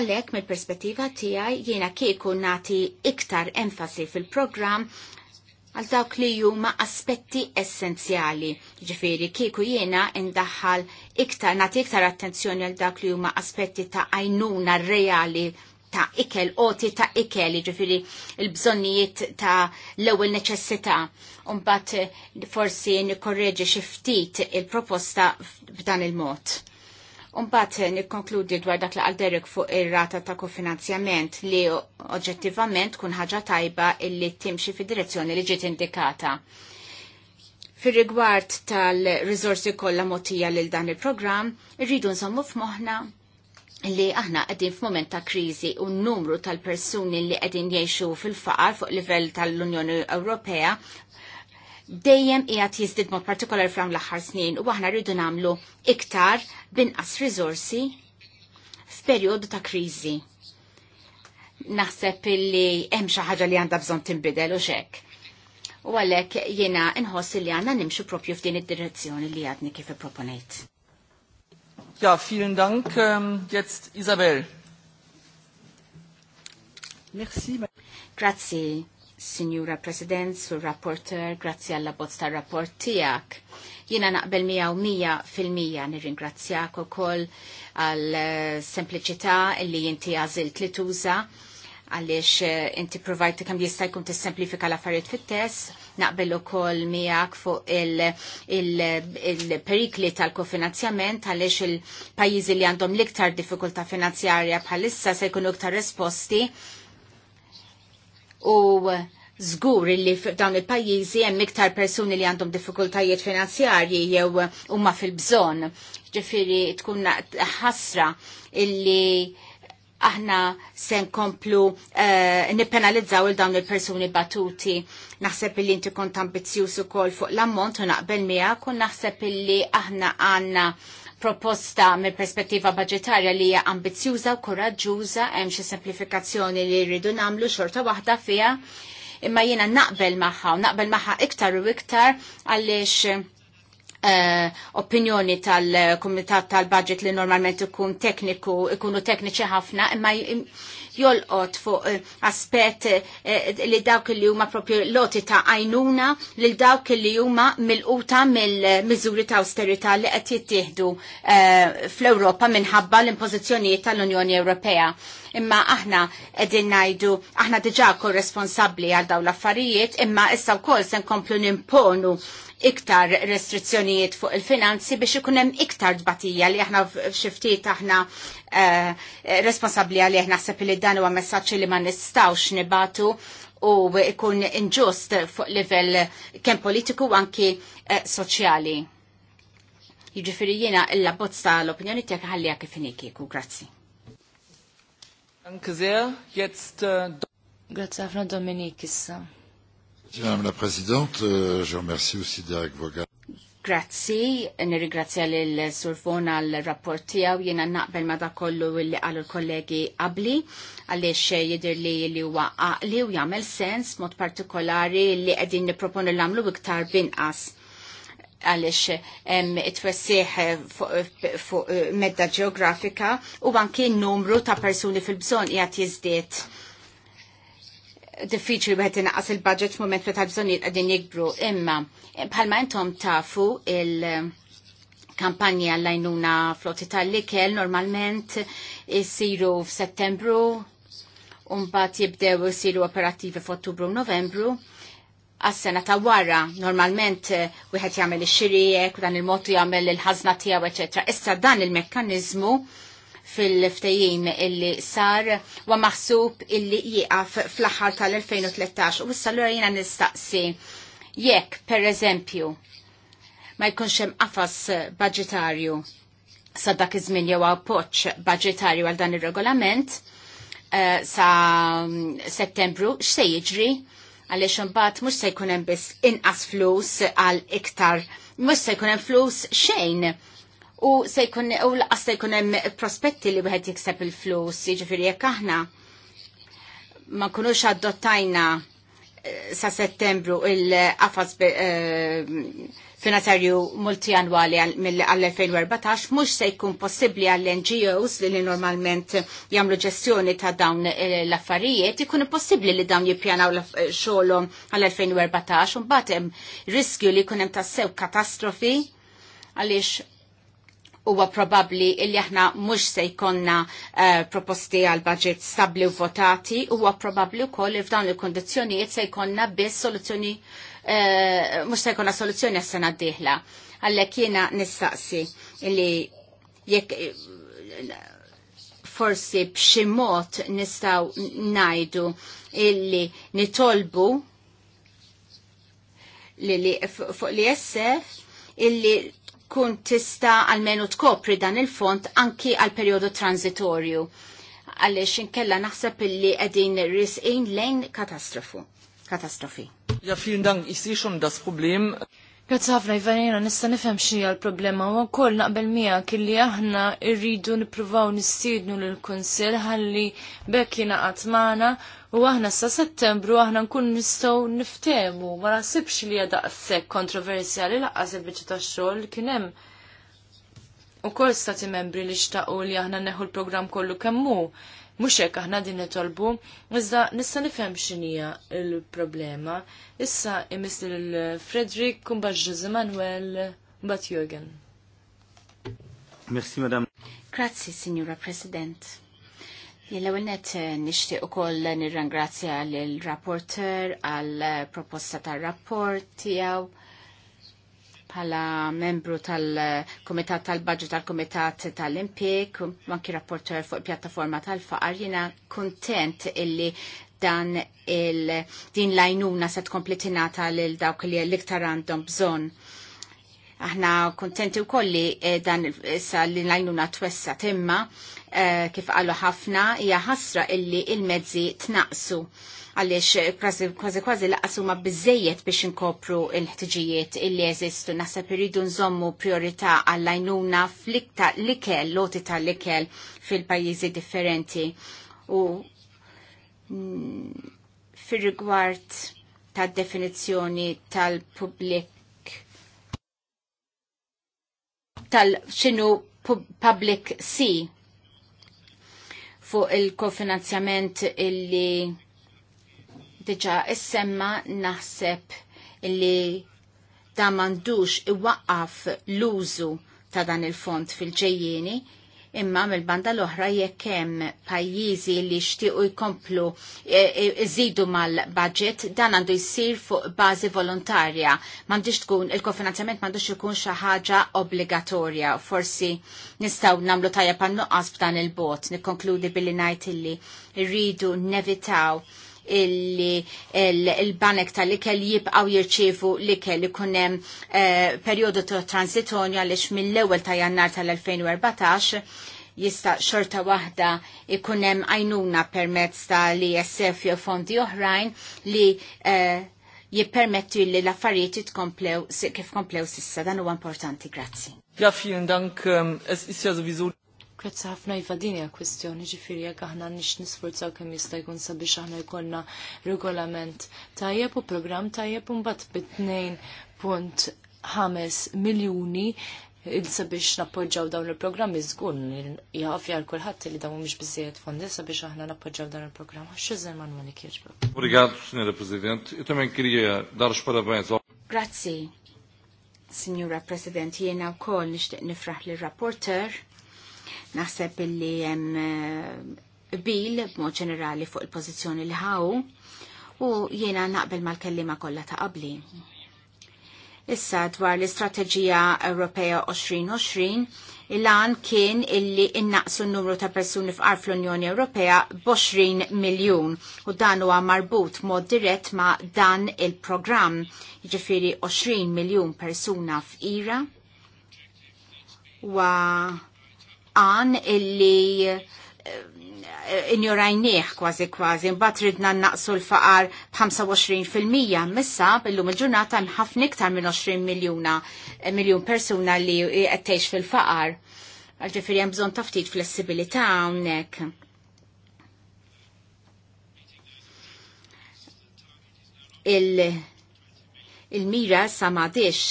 Għalhekk mill-perspettiva tiegħi jiena kieku nagħti iktar enfasi fil-programm għal dawk li huma aspetti essenzjali. Ġifieri kieku jiena indaħħal iktar nagħti iktar attenzjoni għal dawk li huma aspetti ta' għajnuna reali ta' ikel, oti ta' ikel, ġifiri il-bżonnijiet ta' l-ewel neċessita. Umbat forsi nikorreġi xiftit il-proposta b'dan il-mod. Umbat nikkonkludi dwar dak li fuq ir-rata ta' kofinanzjament li oġġettivament kun ħaġa tajba illi timxi fid direzzjoni li ġiet indikata. Fir rigward tal-rizorsi kollha motija lil dan il-programm, irridu nżommu f'moħħna li aħna għedin f'moment ta' krizi u n-numru tal-persuni li għedin jiexu fil-faqar fuq livell tal-Unjoni Ewropea dejjem qiegħed jiżdied mod partikolar fl l-aħħar snin u aħna rridu nagħmlu iktar binqas riżorsi f'perjodu ta' kriżi. Naħseb illi hemm xi ħaġa li għandha bżonn tinbidel u xek. U għalhekk jiena nħossi li għandna nimxu propju f'din id-direzzjoni li għadni kif ipproponejt. Ja, vielen Dank. Ähm, jetzt Isabel. Merci. Grazie, Signora President, Sur Rapporteur, grazie alla bozza rapport tijak. Jina naqbel mija u mija fil-mija nirringrazzjak u koll għal eh, sempliċità li jinti għazilt li tuża għaliex eh, inti provajt kemm jista' jkun tissemplifika l-affarijiet fit-test, naqbel ukoll miegħek fuq il-perikli tal-kofinanzjament għaliex il-pajjiżi li għandhom l-iktar finanzjarja bħalissa se jkunu iktar risposti u Zgur li f'dawn il-pajjiżi hemm iktar persuni li għandhom diffikultajiet finanzjarji jew huma fil-bżonn. Ġifieri tkun ħasra illi aħna se nkomplu uh, eh, nipenalizzaw il-dawn il-persuni batuti. Naħseb illi inti kont u ukoll fuq l-ammont u naqbel mija, u naħseb li aħna għandna proposta mill perspettiva budgetarja li hija ambizjuża u koraġġuża hemm xi semplifikazzjoni li rridu nagħmlu xorta waħda fija imma jiena naqbel magħha u naqbel magħha iktar u iktar għaliex Eh, opinjoni tal-Kumitat tal-Budget li normalment ikun tekniku, ikunu tekniċi ħafna, imma jolqot fuq eh, aspet eh, li dawk li huma propju loti ta' għajnuna li dawk li huma mil quta mill-miżuri ta' austerità li qed jittieħdu fl-Ewropa minħabba l-impożizzjonijiet tal-Unjoni Ewropea imma aħna edin najdu, aħna diġa korresponsabli għal dawn l-affarijiet, imma issa wkoll se nkomplu nimponu iktar restrizzjonijiet fuq il-finanzi biex ikun hemm iktar dbatija li aħna f'xiftit aħna uh, eh, responsabbli aħna naħseb li dan huwa messaġġi li ma nistgħux nibatu u ikun inġust fuq livell kemm politiku u anki eh, soċjali. Jiġifieri jiena l-abbozz tal-opinjoni tiegħek ħallija kif inikiku. Grazzi. Äh, Grazie Afra Dominik issa. Madame la Présidente, euh, je remercie aussi Derek Grazzi, nirigrazzja l surfon għal l-rapport tijaw, jena naqbel ma kollu li għal kollegi qabli, għalix jidir li li huwa għaqli u jagħmel sens mod partikolari li qegħdin nipproponu l-għamlu iktar binqas għalix it fessieħ fuq medda ġeografika u anki n numru ta' persuni fil-bżon jgħat jizdiet diffiċli wieħed inaqas il-budget f'mument meta bżonnijiet qegħdin jikbru, imma bħalma intom tafu il- kampanja l-lajnuna flotti tal-likel normalment jisiru f'Settembru un-bat jibdew isiru operativi f'Ottubru u Novembru għas-sena ta' wara, normalment eh, wieħed jagħmel ix-xirijek, dan il-mod jagħmel il-ħażna tiegħu, eċetera. Issa dan il-mekkaniżmu fil-ftejjim illi sar wa maħsub illi jieqaf fl-aħħar tal-2013 u issa allura jiena nistaqsi jekk per eżempju ma jkunx hemm qafas budgetarju sa dak iż-żmien jew appoġġ budgetarju għal dan ir-regolament uh, sa mm, Settembru x'se jiġri għaliex imbagħad mhux se jkun hemm biss inqas flus għal iktar mhux se jkun hemm flus xejn u se jkun u laqas se jkun hemm prospetti li wieħed jikseb il-flus, jiġifieri jek aħna ma kunux adottajna eh, sa settembru il-qafas eh, finanzarju multianwali għall-2014 mux se jkun possibli għall-NGOs li normalment jamlu ġestjoni ta' dawn eh, l-affarijiet, jkun possibli li dawn jippjanaw xolom għall-2014, un batem riskju li kunem ta' sew katastrofi għalix huwa probabbli illi aħna mhux se jkollna uh, proposti għal budget stabli u votati, huwa probabbli wkoll li f'dawn il-kondizzjonijiet se jkollna biss soluzzjoni uh, mhux se jkollna soluzzjoni għas-sena d-dieħla. Għalhekk jiena nistaqsi illi jekk forsi b'xi mod nistgħu ngħidu illi nitolbu li fuq li jessef illi tkun tista għalmenu tkopri dan il-font anki għal periodu transitorju għalix inkella naħseb illi għedin risqin lejn katastrofu. Katastrofi. Ja, fin dan, ich das Problem. Grazie ħafna Ivanina, nista nifhem xi l-problema u wkoll naqbel mija, illi aħna rridu nippruvaw nistidnu lill kunsill ħalli bekk jingħaqad magħna U aħna sa settembru aħna nkun nistgħu niftehmu, ma naħsibx li hija daqshekk kontroversjali laqqas il-biċċa tax-xogħol kien hemm ukoll stati membri li xtaqgħu li aħna neħu l-programm kollu kemm hu. Mhux hekk aħna din nitolbu, iżda nista' nifhem x'inhija l-problema. Issa imis lil Frederick kumbax Jose Manuel Bat Jürgen. Merci, madame. Grazie, signora President. Jien l-ewwel net eh, nixtieq ukoll nirrangrazzja l rapporter għal eh, proposta tar-rapport tiegħu bħala membru tal-Kumitat eh, tal-Budget tal-Kumitat tal-Impik, anki rapporter fuq pjattaforma tal-Faqar, jiena kuntent illi dan il din lajnuna se kompletinata lil dawk li l-iktar għandhom bżonn Aħna kontenti u kolli eh, dan issa li najnuna twessa timma eh, kif qalu ħafna hija ħasra illi il-mezzi tnaqsu għaliex eh, kważi kważi laqsu ma bizzejiet biex inkopru il-ħtiġijiet illi jeżistu naħseb iridu nżommu priorità għall-għajnuna flikta l-ikel, loti tal-ikel fil-pajjiżi differenti. U mm, fil-rigward ta' definizjoni tal-publik tal-xinu public sea fuq il-kofinanzjament illi diġa issemma naħseb illi da mandux iwaqqaf l-użu ta' dan il-font fil-ġejjeni Imma mill-banda l-oħra jekk hemm pajjiżi li xtiequ jkomplu e, e, iżidu mal-budget dan għandu jsir fuq bażi volontarja. M'għandix tkun il-kofinanzjament m'għandux ikun xi ħaġa obbligatorja. Forsi nistgħu nagħmlu tajja pan-nuqqas b'dan il-bot. Nikkonkludi billi ngħid illi rridu nevitaw il tal-ikel jibqaw jirċifu l-ikel li kunem eh, periodu ta' transitonju għalix mill-ewel ta' jannar tal-2014 jista' xorta waħda ikunem għajnuna permezz ta' li jessef jew fondi oħrajn li eh, jippermettu li l-affarijiet tkomplew kif komplew sissa dan huwa importanti. Grazzi. Ja, vielen Dank. Ähm, es ist ja sowieso Grazzi ħafna jiva din hija kwestjoni ġifieri jekk aħna nix nisforzaw kemm jista' jkun sabiex aħna jkollna regolament tajjeb u programm tajjeb u mbagħad bit punt ħames miljuni sabiex nappoġġaw dawn il-programmi żgur jaf jar kulħadd li dawn mhux biżejjed fondi sabiex aħna nappoġġaw dawn il-programm. Għax iżel ma nma Obrigado, Sinjora President. Itamen kirje darx parabens. Grazzi, Signora President, jiena wkoll nixtieq nifraħ lir rapporter Naħseb illi hemm eh, bil b'mod ġenerali fuq il-pożizzjoni li ħaw u jiena naqbel mal-kellima kollha ta' qabli. Issa dwar l-Istrateġija Ewropea 2020 il-għan kien illi innaqsu n-numru ta' persuni fqar fl-Unjoni Ewropea b'20 miljun u dan huwa marbut mod dirett ma' dan il-programm jiġifieri 20 miljun persuna f'ira wa għan illi eh, injorajnieħ kważi kważi, mbagħad ridna naqsu l-faqar b'25% missa billum il-ġurnata hemm ħafna iktar minn 20 miljuna eh, miljun persuna li qed tgħix fil-faqar. Ġifieri hemm bżonn ta' ftit flessibilità hawnhekk. Il il-mira sa m'għadix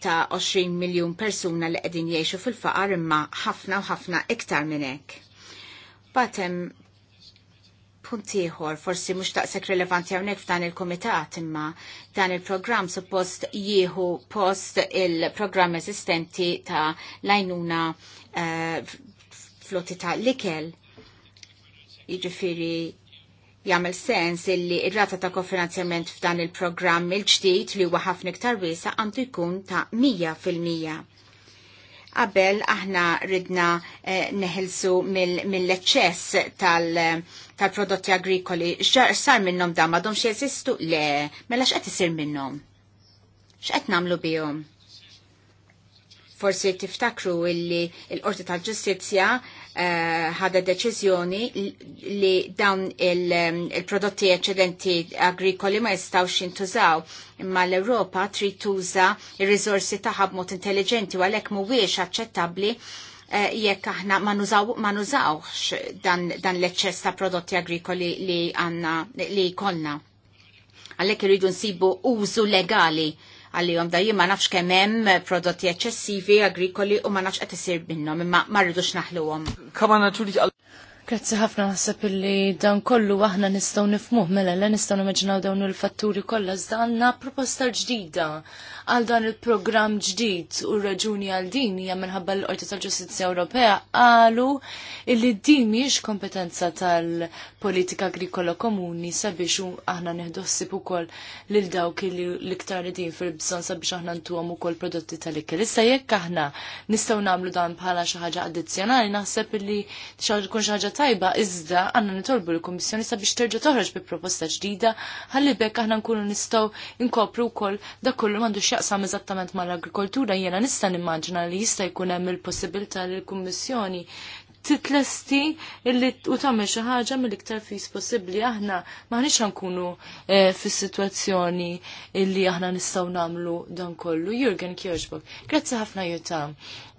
ta' 20 miljun persuna li qegħdin jgħixu fil-faqar imma ħafna u ħafna iktar minn hekk. Batem punt ieħor forsi mhux taqsek rilevanti hawnhekk f'dan il-kumitat imma dan il-programm suppost jieħu post il-programm eżistenti ta' lajnuna uh, flotti ta' likel. Jiġifieri jagħmel sens illi ir-rata ta' kofinanzjament f'dan il-programm il-ġdid li huwa ħafna iktar wiesa għandu jkun ta' 100%. Qabel aħna ridna eh, neħilsu mill-eċċess mil tal-prodotti tal agrikoli. Sar minnhom dan m'għadhomx jeżistu? Le, mela x'qed isir minnhom? X'qed nagħmlu bihom? forsi tiftakru illi l qorti tal-Ġustizzja Eh, ħada deċiżjoni li dawn um, il-prodotti eċedenti agrikoli ma jistawx jintużaw imma l-Ewropa trid tuża ir-riżorsi tagħha b'mod intelligenti u għalhekk mhuwiex aċċettabbli eh, jekk aħna ma nużawx dan, l-eċċess ta' prodotti agrikoli li għandna li jkollna. Għalhekk iridu nsibu użu legali għalihom da ma nafx kemem prodotti eċċessivi agrikoli u ma nafx qed isir imma ma rridux naħluhom. Kann man natürlich Grazzi ħafna naħseb illi dan kollu aħna nistgħu nifmuh mela le nistgħu nimmaġinaw dawn il-fatturi kollha iżda għandna proposta ġdida għal dan il-programm ġdid u r-raġuni għal din hija minħabba l-Qorti tal-Ġustizzja Ewropea qalu illi din mhijiex kompetenza tal-politika agrikola komuni sabiex aħna nieħdossib ukoll lil dawk li l-iktar din fil-bżonn sabiex aħna ntuhom ukoll prodotti tal-ikel. Issa jekk aħna nistgħu nagħmlu dan bħala xi ħaġa addizzjonali naħseb illi tkun xi ħaġa tajba iżda għanna nitolbu l-Kummissjoni sabiex terġa' toħroġ bi proposta ġdida ħalli bekk aħna nkunu nistgħu nkopru wkoll dak kollu m'għandu x'jaqsam eżattament mal-agrikoltura jiena nista' nimmaġina li jista' jkun hemm il-possibilità li l-Kummissjoni titlesti illi u tagħmel xi ħaġa mill-iktar fis possibbli aħna maħniex ħankunu eh, fis-sitwazzjoni illi aħna nistgħu nagħmlu dan kollu. Jurgen Kjoġbok, grazzi ħafna jutam.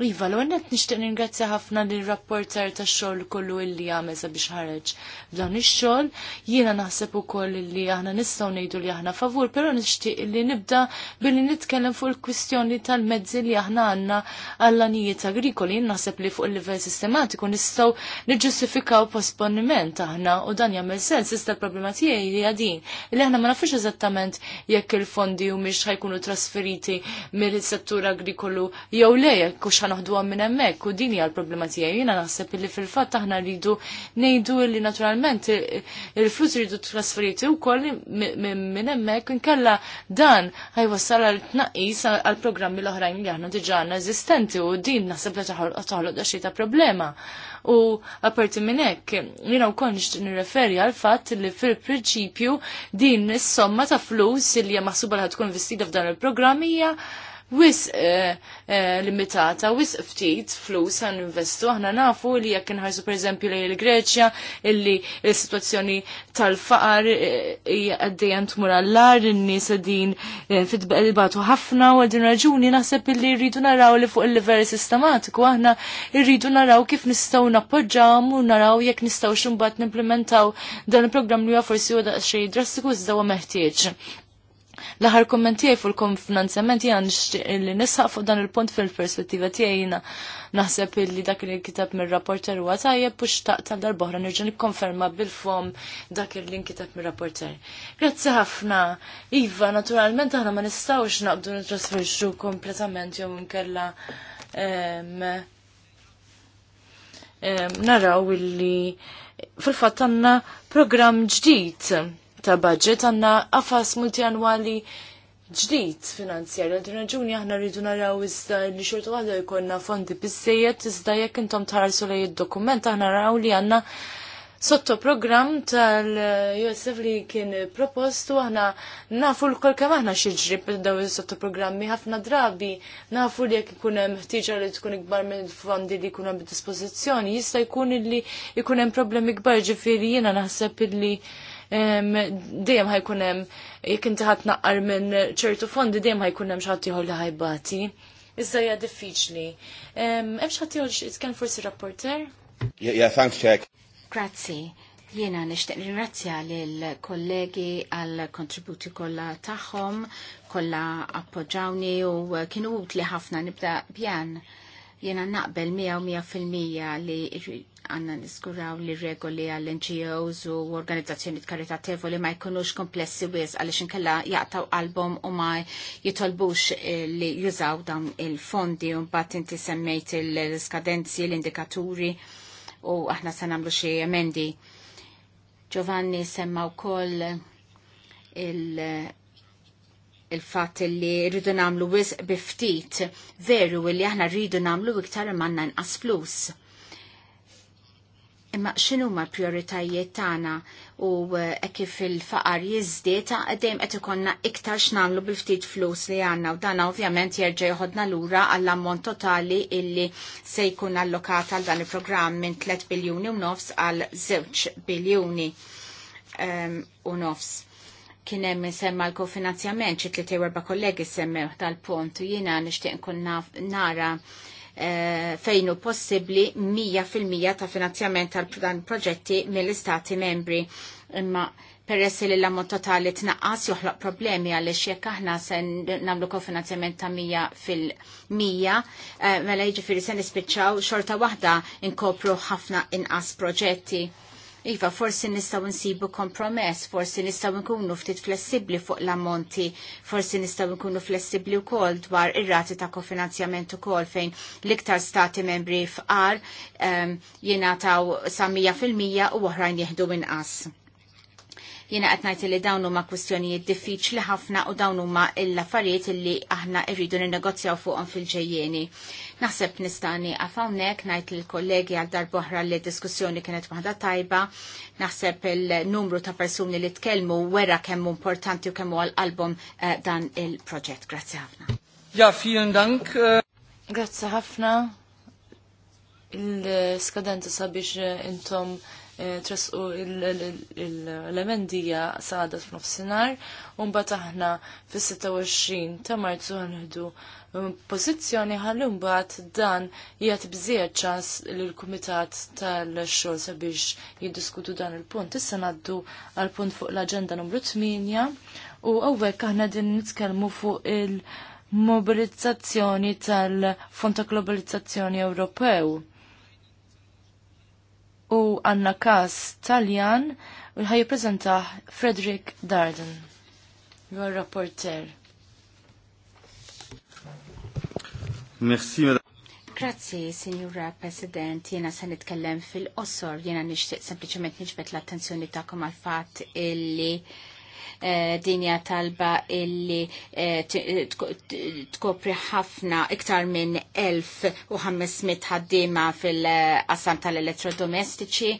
Iva, l għannet nixtieq ningrazzja ħafna lir rapporter tax-xogħol kollu illi għamel sabiex ħareġ b'dan ix-xogħol. Jiena naħseb ukoll illi aħna nistgħu ngħidu li aħna favur, però nixtieq illi nibda billi nitkellem fuq il-kwistjoni tal-mezzi li aħna għandna għall-anijiet agrikoli. Jien naħseb li fuq il-livell sistematiku nistaw niġġustifikaw posponiment aħna u dan jagħmel sens iżda l-problema tiegħi hija din li aħna ma nafux eżattament jekk il-fondi humiex ħajkunu trasferiti mill-settur agrikolu jew le jekk hux ħanoħduha minn hemmhekk u din hija l-problema tiegħi. Jiena naħseb li fil-fatt aħna rridu ngħidu li naturalment il-flus rridu trasferiti wkoll minn hemmhekk inkella dan ħajwassal għal tnaqqis għal programmi l-oħrajn li aħna diġà għandna eżistenti u din naħseb li taħloq da xi ta' problema. U apparti minn hekk, u wkoll nirreferi għal fatt li fil-prinċipju din is-somma ta' flus li hija maħsuba li tkun f'dan il programmija hija wis eh, eh, limitata, wis ftit flus għan investu, aħna nafu li jekk nħarsu per eżempju li l-Greċja, illi l-situazzjoni tal-faqar eh, għaddejan tmur għallar, n-nis għaddin fitbqelbatu ħafna u għaddin raġuni naħseb illi rridu naraw li fuq il-level sistematiku, aħna rridu naraw kif nistaw nappoġġawm u naraw jekk nistaw xumbat n-implementaw dan il-programm li għaforsi u daqxej drastiku iżda meħtieġ. L-aħar kommentijaj fuq il-konfinanzjament jgħan li nisħaq fuq dan il-punt fil-perspettiva tijaj jgħina naħseb li dak li kitab mir-rapporter huwa tajjeb u taq tal-darbohra nerġa' nikkonferma bil-fom dak li inkitab mir-rapporter. Grazzi ħafna. Iva, naturalment aħna ma nistgħux naqbdu nitrasferxu kompletament jew nkella naraw illi fil-fatt għandna programm ġdid ta' budget għanna għafas multianwali ġdid finanzjarju. Għaddu raġuni aħna rridu naraw iżda li xortu waħda jkollna fondi bizzejiet iżda jekk intom tħarsu li id-dokument aħna raw li għanna sotto program tal-USF li kien propostu aħna nafu l-kol kem aħna xieġri daw sotto programmi għafna drabi nafu li jekk ikun hemm li tkun ikbar minn fondi li jkun hemm dispożizzjoni jista' jkun li jkun hemm problemi kbar ġifieri jiena naħseb li dejjem ħajkun hemm jekk inti ħadd naqqar minn ċertu fondi dejjem ħajkun hemm xi ħadd ieħor li ħajbati. Iżda hija diffiċli. Hemm xi ħadd ieħor kien forsi rapporter? Yeah, thanks, Jack. Grazzi. Jiena nixtieq ringrazzja lill kollegi għal kontributi kollha tagħhom, kollha appoġġawni u kienu utli ħafna nibda bjan. Jiena naqbel 100 fil-mija li għanna niskuraw li regoli għall-NGOs u organizzazzjoni li ma jkunux komplessi wis għalix inkella jaqtaw album u ma jitolbux eh, li jużaw dawn il-fondi un bat inti semmejt il-skadenzi, l-indikaturi u aħna se namlu xie emendi. Giovanni semmaw kol il- il-fat li rridu namlu wis biftit veru li aħna rridu namlu iktar manna nqas flus Imma xinu ma prioritajiet tagħna u eh, e kif il-faqar ta' għedem qed ikonna iktar x'namlu bil-ftit flus li għandna u dan ovvjament jerġa' jħodna lura għall ammont totali illi se jkun allokata għal dan il-programm minn 3 biljuni u nofs għal 2 biljuni ehm, u nofs kien hemm semma l-kofinanzjament xi tliet kollegi semmew tal-punt u jiena nixtieq nkun nara Eh, fejnu possibli 100% ta' finanzjament tal dan proġetti mill-istati membri. Imma peress li l-ammont totali tnaqqas joħloq problemi għaliex jekk aħna se nagħmlu kofinanzjament ta' mija fil-mija, eh, mela jiġifieri se nispiċċaw xorta waħda inkopru ħafna inqas proġetti. Iva, forsi nistaw nsibu kompromess, forsi nistaw nkunu ftit flessibli fuq l-ammonti, forsi nistaw nkunu flessibli u kol dwar ir-rati ta' kofinanzjament kol fejn l-iktar stati membri f'qar um, ehm, jenataw fil 100% u oħrajn jihdu inqas Jiena qed ngħid li dawn huma kwistjonijiet diffiċli ħafna u dawn huma l-affarijiet li aħna rridu ninnegozjaw fuqhom fil-ġejjieni. Naħseb nistani għafawnek, hawnhekk ngħid lill kollegi għal darbohra li diskussjoni kienet waħda tajba, naħseb il-numru ta' persuni li tkellmu wera kemm importanti u kemm għal album eh, dan il-proġett. Grazzi ħafna. Ja, fjien Dank. Eh. Grazzi ħafna il-skadenta sabiex intom tresqu l-emendija saħda f'nofsinar, un aħna fis-26 ta' marzu għanħdu um, pozizjoni għallumbat dan jgħat bżiet ċans l-Kumitat tal-xol sabiex jiddiskutu dan il-punt. Issa naddu għal-punt fuq l-agenda numru 8 u għawek aħna din nitkelmu fuq il-mobilizzazzjoni tal-Fond ta' Globalizzazzjoni Ewropew u għanna kas Taljan u l-ħaj prezentaħ Frederick Darden, għor rapporter. Merci, Grazzi, Signora President. Jena se nitkellem fil qosor Jena nixtieq sempliċement niġbet l-attenzjoni tagħkom għal fatt illi Eh, dinja talba illi eh, tkopri ħafna iktar minn 1500 ħaddiema fil-qassam tal-elettrodomestiċi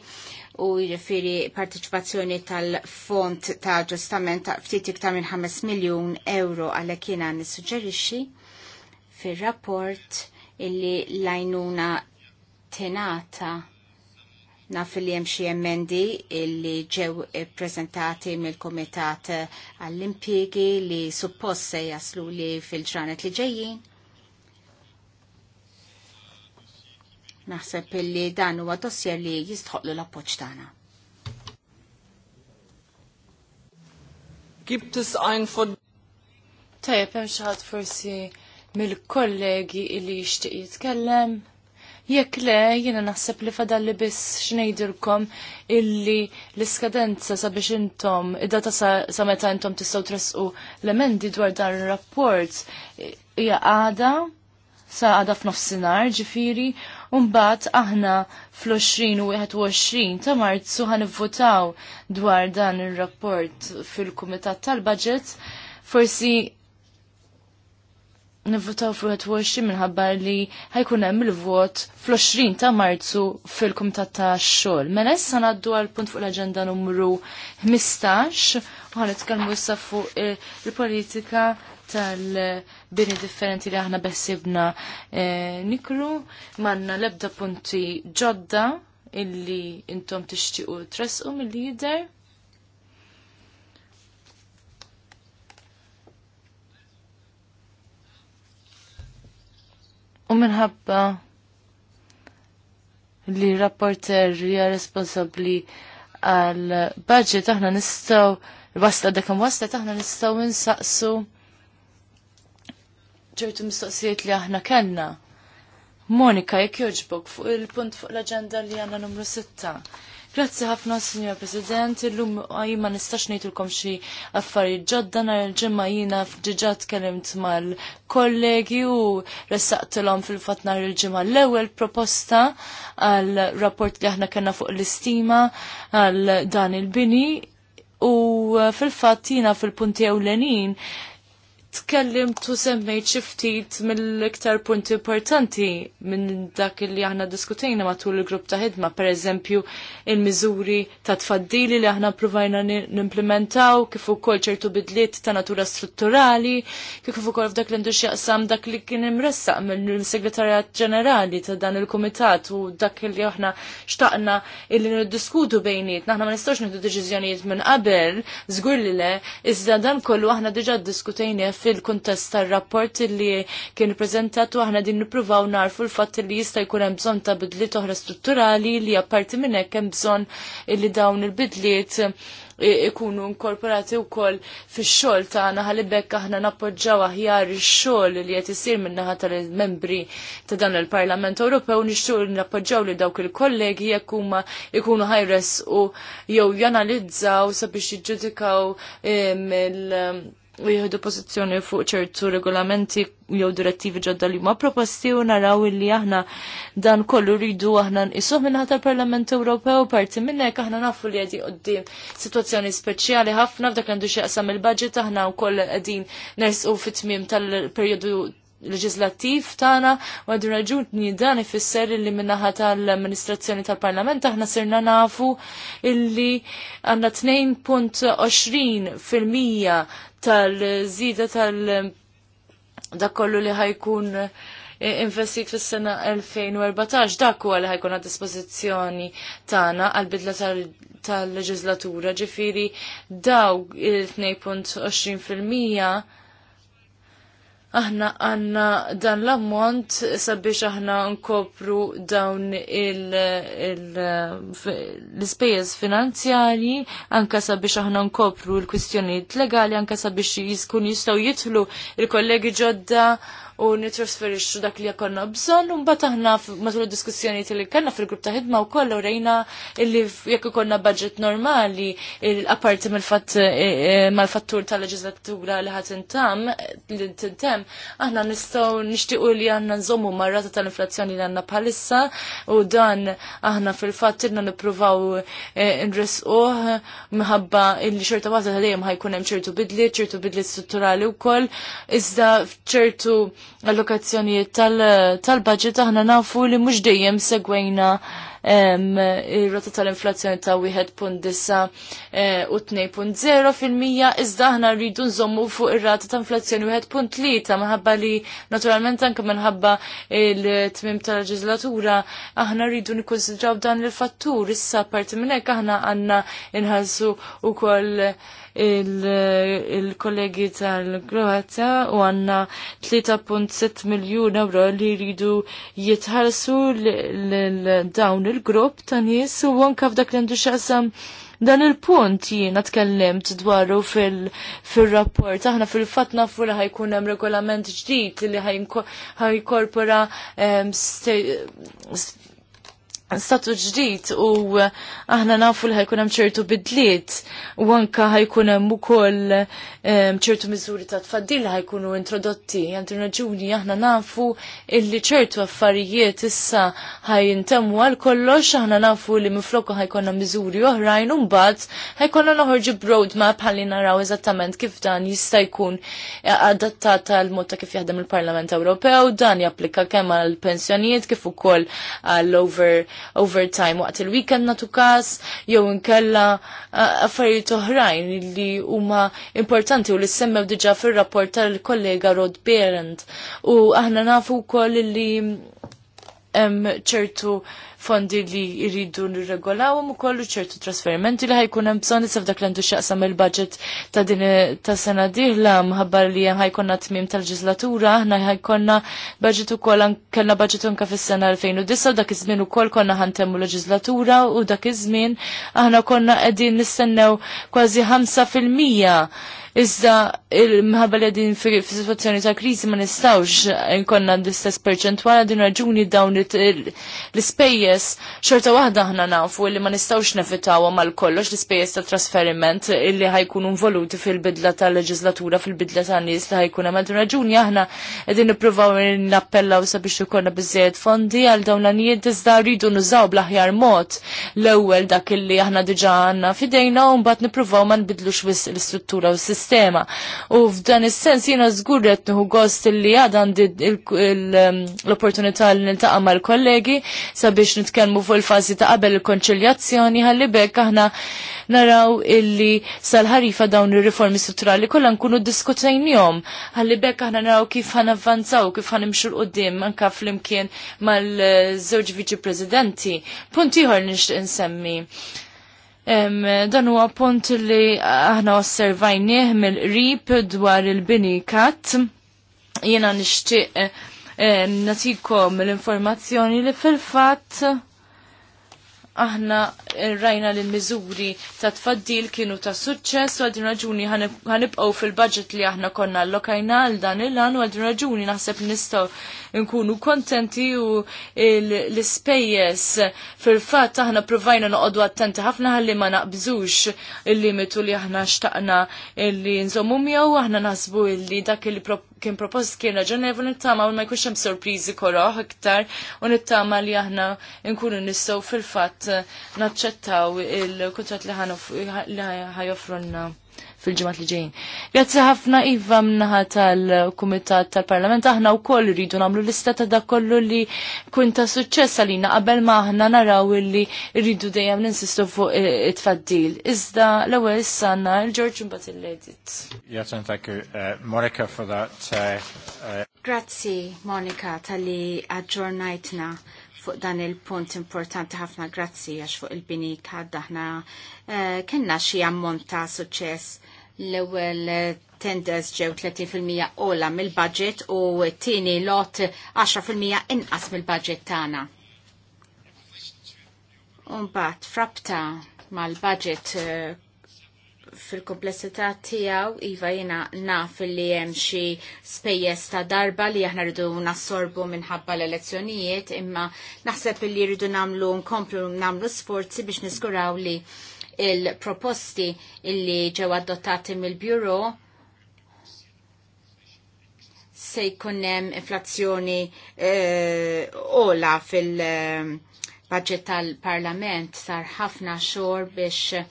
u jifiri partiċipazzjoni tal-fond ta' ġustament ta' ftit iktar minn 5 miljun euro għalhekk kiena nissuġġerixxi fir-rapport illi lajnuna tenata Naf li hemm xi emendi li ġew ippreżentati mill-Kumitat għall-Impjiegi li suppost se jaslu li fil-ġranet li ġejjin. Naħseb li dan huwa dossier li jistħoqlu l-appoġġ tagħna. Gibt es ein von hemm xi ħadd forsi mill-kollegi li jixtieq jitkellem? Jekk le, jiena naħseb li fadal li biss xnejdirkom illi l-iskadenza sabiex intom, id-data sa meta intom tistgħu tresqu l-emendi dwar dan ir-rapport hija għada sa għada f'nofsinhar ġifieri bat aħna fl-20 u 21 ta' marzu ħan votaw dwar dan il-rapport fil-Kumitat tal-Budget. Forsi nivvotaw fil-21 minħabba li ħajkun hemm il-vot fl-20 ta' Marzu fil kumtat ta' xogħol. Mela issa ngħaddu għal punt fuq l-aġenda numru 15 u ħanitkellmu issa fuq eh, il-politika tal-bini differenti li aħna beħsibna eh, nikru manna lebda punti ġodda illi intom tixtiequ tresqu mill-lider. U minħabba li rapporter hija responsabbli għal budget aħna nistgħu wasta dakam wasta aħna nistgħu insaqsu ċertu mistoqsijiet li aħna kellna. Monika, jekk joġbok fuq il-punt fuq l-agenda li għanna numru 6. Grazzi ħafna, Signor President, illum ma nistax ngħidulkom xi affarijiet ġodda nhar il-ġimgħa jiena diġà tkellimt mal-kollegi u ressaqtilhom fil-fatt nhar il-ġimgħa l-ewwel proposta għal rapport li aħna kellna fuq l-istima għal dan il-bini u fil-fatt jiena fil-punti ewlenin tkellimt tu semmejt xi ftit mill-iktar punti importanti minn dak li aħna diskutejna matul il-grupp ta' ħidma, pereżempju il-miżuri ta' tfaddili li aħna provajna nimplementaw, kif ukoll ċertu bidliet ta' natura strutturali, kif ukoll f'dak li ndux jaqsam dak li kien imressaq mill-Segretarjat Ġenerali ta' dan il-Kumitat u dak li aħna xtaqna illi n-diskutu bejniet, aħna ma nistax nieħdu deċiżjonijiet minn qabel, zgur li le, iżda dan kollu aħna diġà ddiskutejnieh fil-kuntest tar-rapport li kien prezentatu aħna din nippruvaw narfu l-fatt li jista' jkun hemm bżonn ta' bidliet oħra strutturali li apparti minn hekk hemm bżonn li dawn il-bidliet ikunu inkorporati u koll fi xol ta' għana bekk aħna nappoġġaw aħjar xol li jett jisir naħa tal-membri ta' dan il-Parlament Ewropew nixtu li nappoġġaw li dawk il-kollegi jekkuma ikunu ħajres u jew janalizzaw sabiex jġudikaw il- u jihdu pozizjoni fuq ċertu regolamenti jew direttivi ġodda li ma proposti u naraw li aħna dan kollu rridu aħna nqisuh minn ħadd parlament Ewropew parti minn aħna nafu li għedin qudiem sitwazzjoni speċjali ħafna f'dak għandu xieqsam il-budget aħna wkoll qegħdin nersu fit-tmiem tal-perjodu leġislattiv tagħna u għadu raġuni dan ifisser li minnaħa tal-amministrazzjoni tal-parlament aħna sirna nafu illi għandna 2.20 fil-mija tal-żida tal- dakollu li ħajkun eh, investit fis sena 2014 dak huwa li ħajkun għad dispożizzjoni tagħna għall bidla tal-leġislatura ġifiri daw il-2.20% aħna għanna dan l-ammont sabiex aħna nkopru dawn l-ispejjeż finanzjarji, anka sabiex aħna nkopru l-kwistjonijiet legali, anka sabiex jiskun jistgħu jidħlu il-kollegi ġodda u nitrasferixxu dak li jkollna bżonn u mbagħad aħna matul id-diskussjoni li kellna fil-grupp ta' ħidma wkoll u rejna li jekk ikollna budget normali apparti e- e- mal-fattur tal-leġislatura li ħadd intam li tintemm aħna nistgħu nixtiequ li aħna nżommu mar-rata tal-inflazzjoni li għandna bħalissa u dan aħna fil-fatt irna nippruvaw e, nresquh minħabba illi xorta waħda dejjem ħajkun hemm ċertu bidli, ċertu bidli strutturali wkoll, iżda ċertu allokazzjonijiet tal-budget tal aħna nafu li mhux dejjem segwejna ir-rata tal-inflazzjoni ta' 1.9 eh, u 2.0 fil-mija iżda aħna rridu nżommu fuq ir-rata ta' inflazzjoni 1.3 minħabba li naturalment anke minħabba il-tmim tal-leġislatura aħna rridu nikkonsidraw dan il-fattur issa parti minn hekk aħna għandna inħassu ukoll il-kollegi tal-Kroazja u għanna 3.7 miljon euro li jridu jitħarsu l-dawn il-grupp ta' nies u anka f'dak li għandu xasam dan il-punt jiena tkellimt dwaru fil-rapport. Aħna fil-fat nafu li ħajkun hemm regolament ġdid li ħajkorpora ehm, statu ġdid u aħna nafu li ħajkun hemm ċertu bidliet u anka ħajkun hemm ukoll ċertu miżuri ta' tfaddil ħajkunu introdotti għandu raġuni aħna nafu illi ċertu affarijiet issa ħajintemmu għal kollox aħna nafu li miflokku ħajkonna miżuri oħrajn u mbagħad ħajkonna noħorġu ma bħalli naraw eżattament kif dan jista' jkun adattat għal mod ta' kif jaħdem il-Parlament Ewropew dan japplika kemm għall pensjonijiet kif ukoll għall over overtime waqt il-weekend natu kas jew inkella affarijiet oħrajn li huma importanti u li semmew diġà fir-rapport tal-kollega Rod Berend u aħna nafu wkoll li hemm ċertu fondi li jridu nirregolawhom ukoll kollu ċertu trasferimenti li ħajkun hemm bżonn isef dak l-għandu x'jaqsam il-budget ta' din ta' sena dieħla mħabbar li hemm ħajkonna tmiem tal-ġislatura, aħna ħajkonna budget ukoll kellna budget anke fis-sena 2009 dak iż-żmien ukoll konna ħantemmu leġislatura u dak iż-żmien aħna konna qegħdin nistennew kważi 5 fil-mija Iżda il-mħabba li għadin f-situazzjoni ta' krizi ma nistawx nkonna l-istess perċentwal din raġuni dawn l-spejjes xorta wahda ħna nafu li ma nistawx nefittaw mal kollox l-spejjes ta' trasferiment illi ħajkunu involuti fil-bidla ta' leġislatura fil-bidla ta' nis li ħajkun għamad raġuni aħna għedin niprofaw nappellaw sabiex ikonna bizzejed fondi għal dawn l-anijiet iżda rridu nużaw blaħjar mod l-ewel dak illi aħna diġa għanna fidejna un bat niprofaw ma nbidlux l-istruttura u s sistema. U f'dan is-sens jiena żgur qed nieħu gost li għad għandi um, l-opportunità li niltaqa' mal-kollegi sabiex nitkellmu fuq il-fażi ta' qabel il-konċiljazzjoni ħalli bekk aħna naraw illi sal-ħarifa dawn ir-riformi strutturali kollha nkunu diskutejnihom ħalli bekk aħna naraw kif ħanavvanzaw, kif ħanimxu l-qudiem anke flimkien mal-żewġ viċi presidenti. Punt ieħor nixtieq insemmi dan huwa punt li aħna osservajnieh mill-qrib dwar il-bini kat. Jiena nixtieq natikom l-informazzjoni li fil-fatt aħna rajna li miżuri ta' tfaddil kienu ta' suċċess u għaldin raġuni ħanibqgħu fil-budget li aħna konna allokajna għal dan il-għan u għaldin raġuni naħseb nistgħu nkunu kontenti u l spejjes fil-fatt aħna provajna noqogħdu attenti ħafna ħalli ma naqbżux il-limitu li aħna xtaqna li nżommu u aħna naħsbu li dak li kien propost kien raġonevol nittama u ma jkunx hemm sorpriżi koroħ iktar u nittama li aħna nkunu nistgħu fil-fatt naċċettaw il-kuntratt li ħajofrunna fil ġimgħat li ġejjin. Grazzi ħafna Iva mnaħa tal-Kumitat tal-Parlament aħna wkoll rridu nagħmlu lista ta' dak kollu li kunta suċċess għalina qabel ma aħna naraw illi rridu dejjem ninsistu fuq it-tfaddil. Iżda l-ewwel issa għandna l-George imbagħad il-Ledit. Uh, Monica for that. Uh, uh, Grazzi Monica tal-li aġġornajtna fuq dan il-punt importanti ħafna grazzi għax fuq il-bini kaddaħna uh, eh, kena xie ammont ta' suċess l-ewel eh, tenders ġew 30% ola mill-budget u t-tini lot 10% inqas mill-budget tagħna. Umbat, frapta mal-budget eh, fil-komplessità tiegħu iva jiena naf li hemm xi spejjeż ta' darba li aħna rridu nassorbu minħabba l-elezzjonijiet, imma naħseb li rridu nagħmlu nkomplu nagħmlu sforzi biex niskuraw li il-proposti illi ġew adottati mill bureau se jkun hemm inflazzjoni eh, ola fil- eh, budget tal-parlament sar ħafna xor biex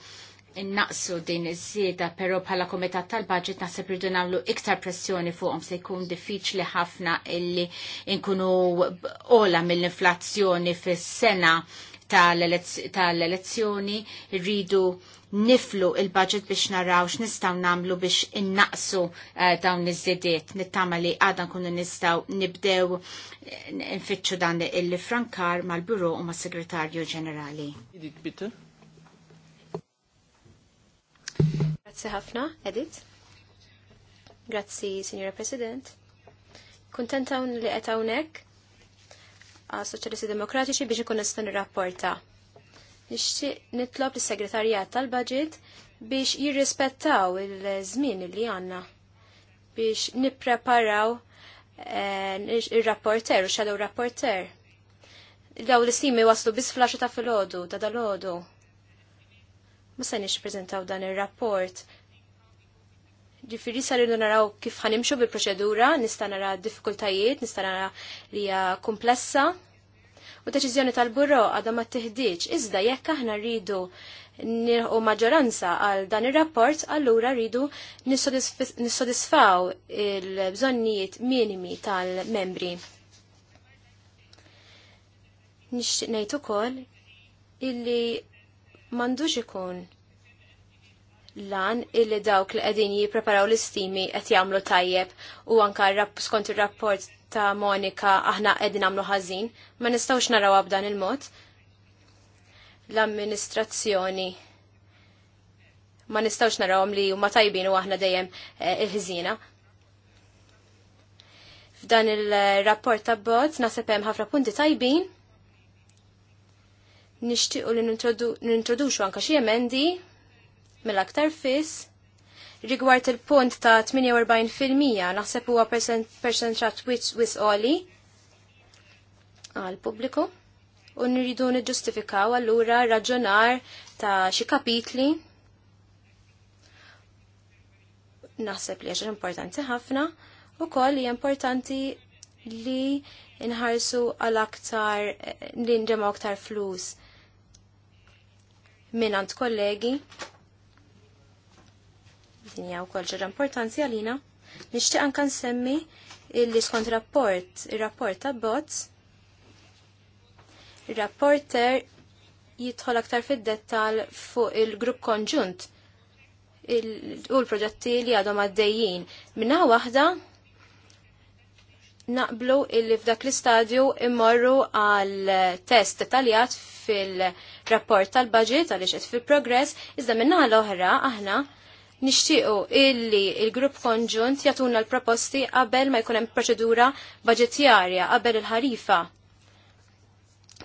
innaqsu din iż-żieda, però bħala komitat tal-budget naħseb rridu nagħmlu iktar pressjoni fuqhom se jkun diffiċli ħafna illi nkunu ola mill-inflazzjoni fis-sena tal-elezzjoni rridu niflu il-budget biex naraw x'nistgħu nagħmlu biex innaqsu eh, dawn iż-żidiet. Nittama li għadha nkunu nistgħu nibdew eh, nfittxu dan il-frankar mal-Buru u mas-Segretarju Ġenerali. Grazzi ħafna, Edith. Grazzi, Signora President. Kuntenta li qed hawnhekk għas Soċjalisti Demokratiċi biex ikun nista' nirrapporta. Nixtieq nitlob lis-Segretarjat tal-Baġit biex jirrispettaw il-żmien li għandna biex nippreparaw eh, ir rapporter u shadow rapporter. Daw l-istimi waslu bis flasġa ta' filgħodu, ta' dal ma se nixpreżentaw dan ir-rapport. Ġifiri sa naraw kif ħanimxu bil-proċedura, nista' nara diffikultajiet, nista' nara li hija komplessa. U deċiżjoni tal-burro għadha ma tiħdiġ, iżda jekk aħna rridu nirħu maġġoranza għal dan ir-rapport, allura rridu nissodisfaw il-bżonnijiet minimi tal-membri. Nixtieq ngħid ukoll illi mandux ikun lan illi dawk li qegħdin jippreparaw l-istimi qed jagħmlu tajjeb u anka skont ir-rapport ta' Monika aħna qegħdin nagħmlu ħażin, ma nistgħux narawha b'dan il-mod. L-amministrazzjoni ma nistgħux narawhom li huma tajbin u aħna dejjem eh, il-ħżina. F'dan il-rapport ta' bot nasepem hemm ħafna punti tajbin nixtiequ li nintroduxu anka xi emendi mill-aktar fis rigward il-punt ta' 48% naħseb huwa percentrat wis wis oli għal pubbliku u nridu niġġustifikaw allura raġunar ta' xi kapitli naħseb li għaxar importanti ħafna u koll li importanti li nħarsu għal aktar li ndemu aktar flus minn għand kollegi. Din hija wkoll ġara importanti għalina. Nixtieq anke nsemmi il skont rapport, ir-rapport ta' bots, ir-rapporter jidħol aktar fid-dettal fuq il-grupp konġunt il u l-proġetti li għadhom għaddejjin. Minna waħda naqblu illi f'dak l-istadju immorru għal test detaljat fil-rapport tal-budget għal qed fil-progress, iżda minna l-oħra aħna nixtiequ illi il-grupp konġunt jatuna l-proposti qabel ma jkun hemm proċedura budgetjarja qabel il-ħarifa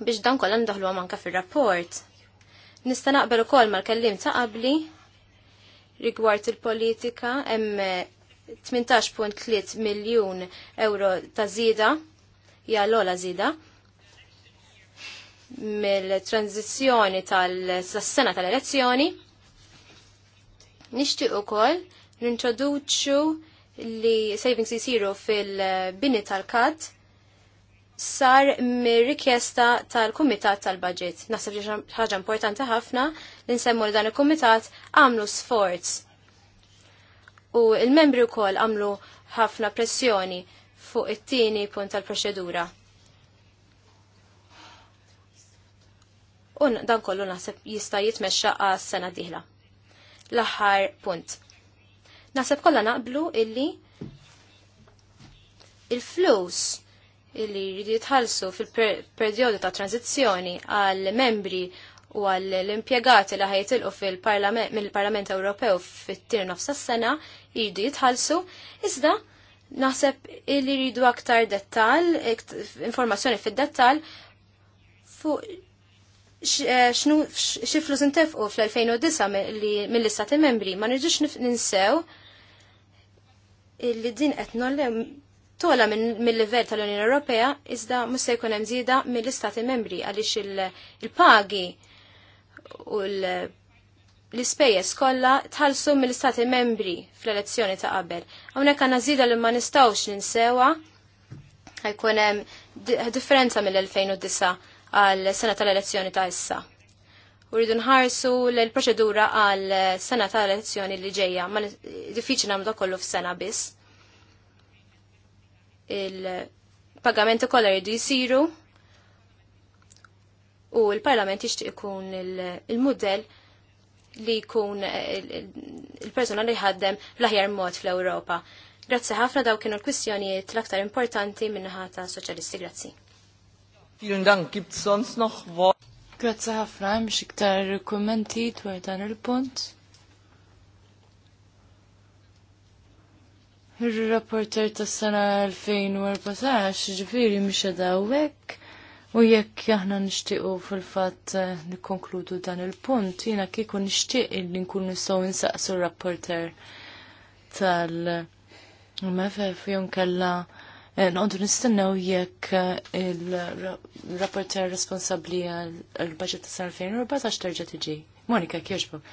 biex dan kollha ndaħlu manka fir-rapport. Nista' naqbel ukoll mal-kellim ta' qabli rigward il-politika hemm 18.3 miljun euro ta' zida, ja l-ola zida, mill-tranzizjoni tal-sena tal-elezzjoni. Nishtiq u kol, nintroduċu li savings jisiru fil-bini tal-kad sar mir-rikjesta tal-Kumitat tal-Budget. Nasib ħaġa importanti ħafna li nsemmu li dan il-Kumitat għamlu sforz u il-membri wkoll għamlu ħafna pressjoni fuq it-tieni punt tal-proċedura. U dan kollu naħseb jista' jitmexxa għas sena diħla. L-aħħar punt. Naħseb kollha naqblu illi il-flus illi jridu jitħallsu fil-perjodu ta' tranzizzjoni għal membri u għall l-impjegati li ħajtilqu mill-Parlament Ewropew fit-tir nofsa s-sena jridu jitħallsu, iżda naħseb li jridu aktar dettal, informazzjoni fid-dettal fuq eh, xnu xiflu sintefqu fl-2009 mill-istati membri, ma nirġux ninsew li din qed tola mill-livell tal-Unjoni Ewropea iżda mhux se jkun hemm żieda mill-Istati Membri għaliex il-pagi u l-ispejjeż kollha tħallsu mill-istati membri fl-elezzjoni ta' qabel. Hawnhekk għandna żieda li ma nistgħux ninsewa ħajkun hemm differenza mill-2009 għal sena tal-elezzjoni ta' issa. Uridu nħarsu l-proċedura għal sena tal-elezzjoni li ġejja, ma diffiċli nagħmlu kollu f'sena biss. Il-pagamenti kollha jridu jisiru u l-Parlament jixtieq ikun il model li jkun eh, il-persuna li jħaddem l-aħjar mod fl-Ewropa. Grazzi ħafna daw kienu l-kwistjonijiet l-aktar importanti minnaħa ta' soċjalisti. Grazzi. Vielen Dank, gibt sonst noch Wort? Grazzi ħafna, mx iktar kommenti dwar dan il-punt. Il-rapporter tas sena 2014 ġifiri mx edawek. U jekk aħna nixtiequ fil-fatt eh, nikkonkludu dan il-punt, jiena kieku nixtieq li nkun nistaw nsaqsu r-rapporter tal-MFF jew kella eh, Nqondu nistennew jekk eh, il-rapporter responsabbli għal-budget tas-2014 terġa' tiġi. Monika Kirchbob.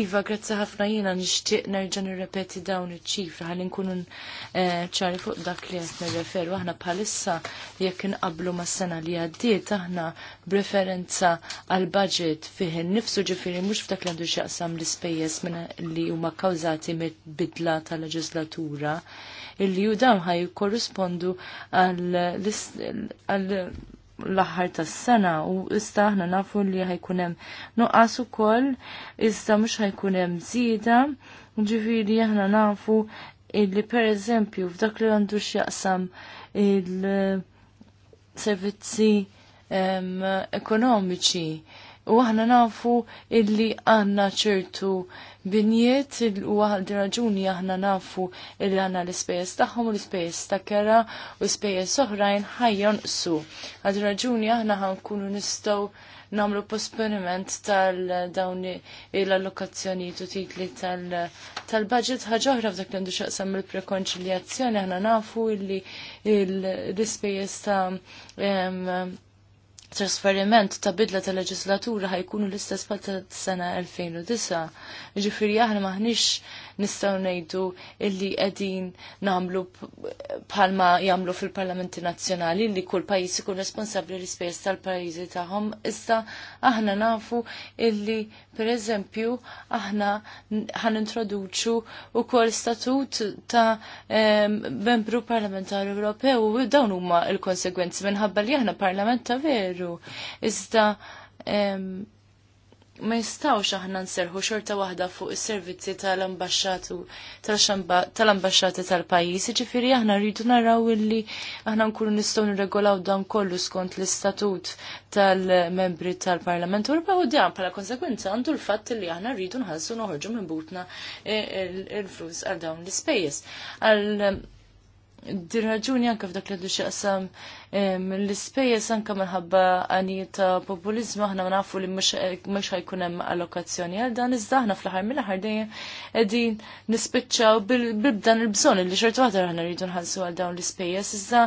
Iva, grazzi ħafna jiena nixtieq nerġa' nirrepeti dawn iċ-ċifra ħalli nkunu eh, ċari fuq dak li qed nirreferu aħna bħalissa jekk inqablu mas-sena li għaddiet aħna b'referenza għal budget fih innifsu ġifieri mhux f'dak li għandu x'jaqsam l-ispejjeż minn li huma kkawżati mill-bidla tal-leġislatura illi ju dawn ħaj korrispondu għal l-aħħar tas-sena u issa aħna nafu li ħajkun hemm nuqqas ukoll issa mhux ħajkun hemm żieda, ġifieri aħna nafu li pereżempju f'dak li għandu x'jaqsam il-servizzi ekonomiċi U aħna nafu illi għanna ċertu binjiet u għaldi raġuni aħna nafu illi għanna l-ispejjeż tagħhom u l-ispejjeż ta' kera u l-ispejjeż oħrajn ħajjon su. Għaldi raġuni aħna ħankunu nistgħu namlu posponiment tal-dawni l-allokazzjonijiet u titli tal-budget ħagħuħra oħra f'dak l għandu xaqsam il-prekonċiljazzjoni aħna nafu illi l-ispejjeż ta' trasferiment ta' bidla ta' leġislatura ħajkunu l-istess bħal ta' sena 2009. Ġifiri aħna maħniex nistgħu ngħidu illi qegħdin nagħmlu bħalma jagħmlu fil-Parlamenti Nazzjonali li kull pajjiż ikun responsabbli l tal-pajjiżi tagħhom, issa aħna nafu illi pereżempju aħna ħan introduċu kol statut ta' membru parlamentari Ewropew u dawn huma l-konsegwenzi minħabba li aħna parlament ta' veru. Iżda ma jistawx aħna nserħu xorta waħda fuq is-servizzi tal-ambasċatu tal-ambasċati tal-pajjiż, ġifieri aħna rridu naraw illi aħna nkunu nistgħu nirregolaw dan kollu skont l-istatut tal-membri tal-Parlament Ewropew u dan bħala konsekwenza għandu l-fatt li aħna rridu nħassu noħorġu minn butna eh, il-flus għal dawn l-ispejjeż. Din raġuni anke f'dak li xaqsam l-ispejjeż anke minħabba għanita ta' populiżmu aħna nafu li mhux ħajkun hemm allokazzjoni għal dan iżda aħna fl-aħħar mill-aħħar dejjem qegħdin nispiċċaw bil-bdan il-bżonn li xorta waħda aħna rridu nħallsu għal dawn l-ispejjeż iżda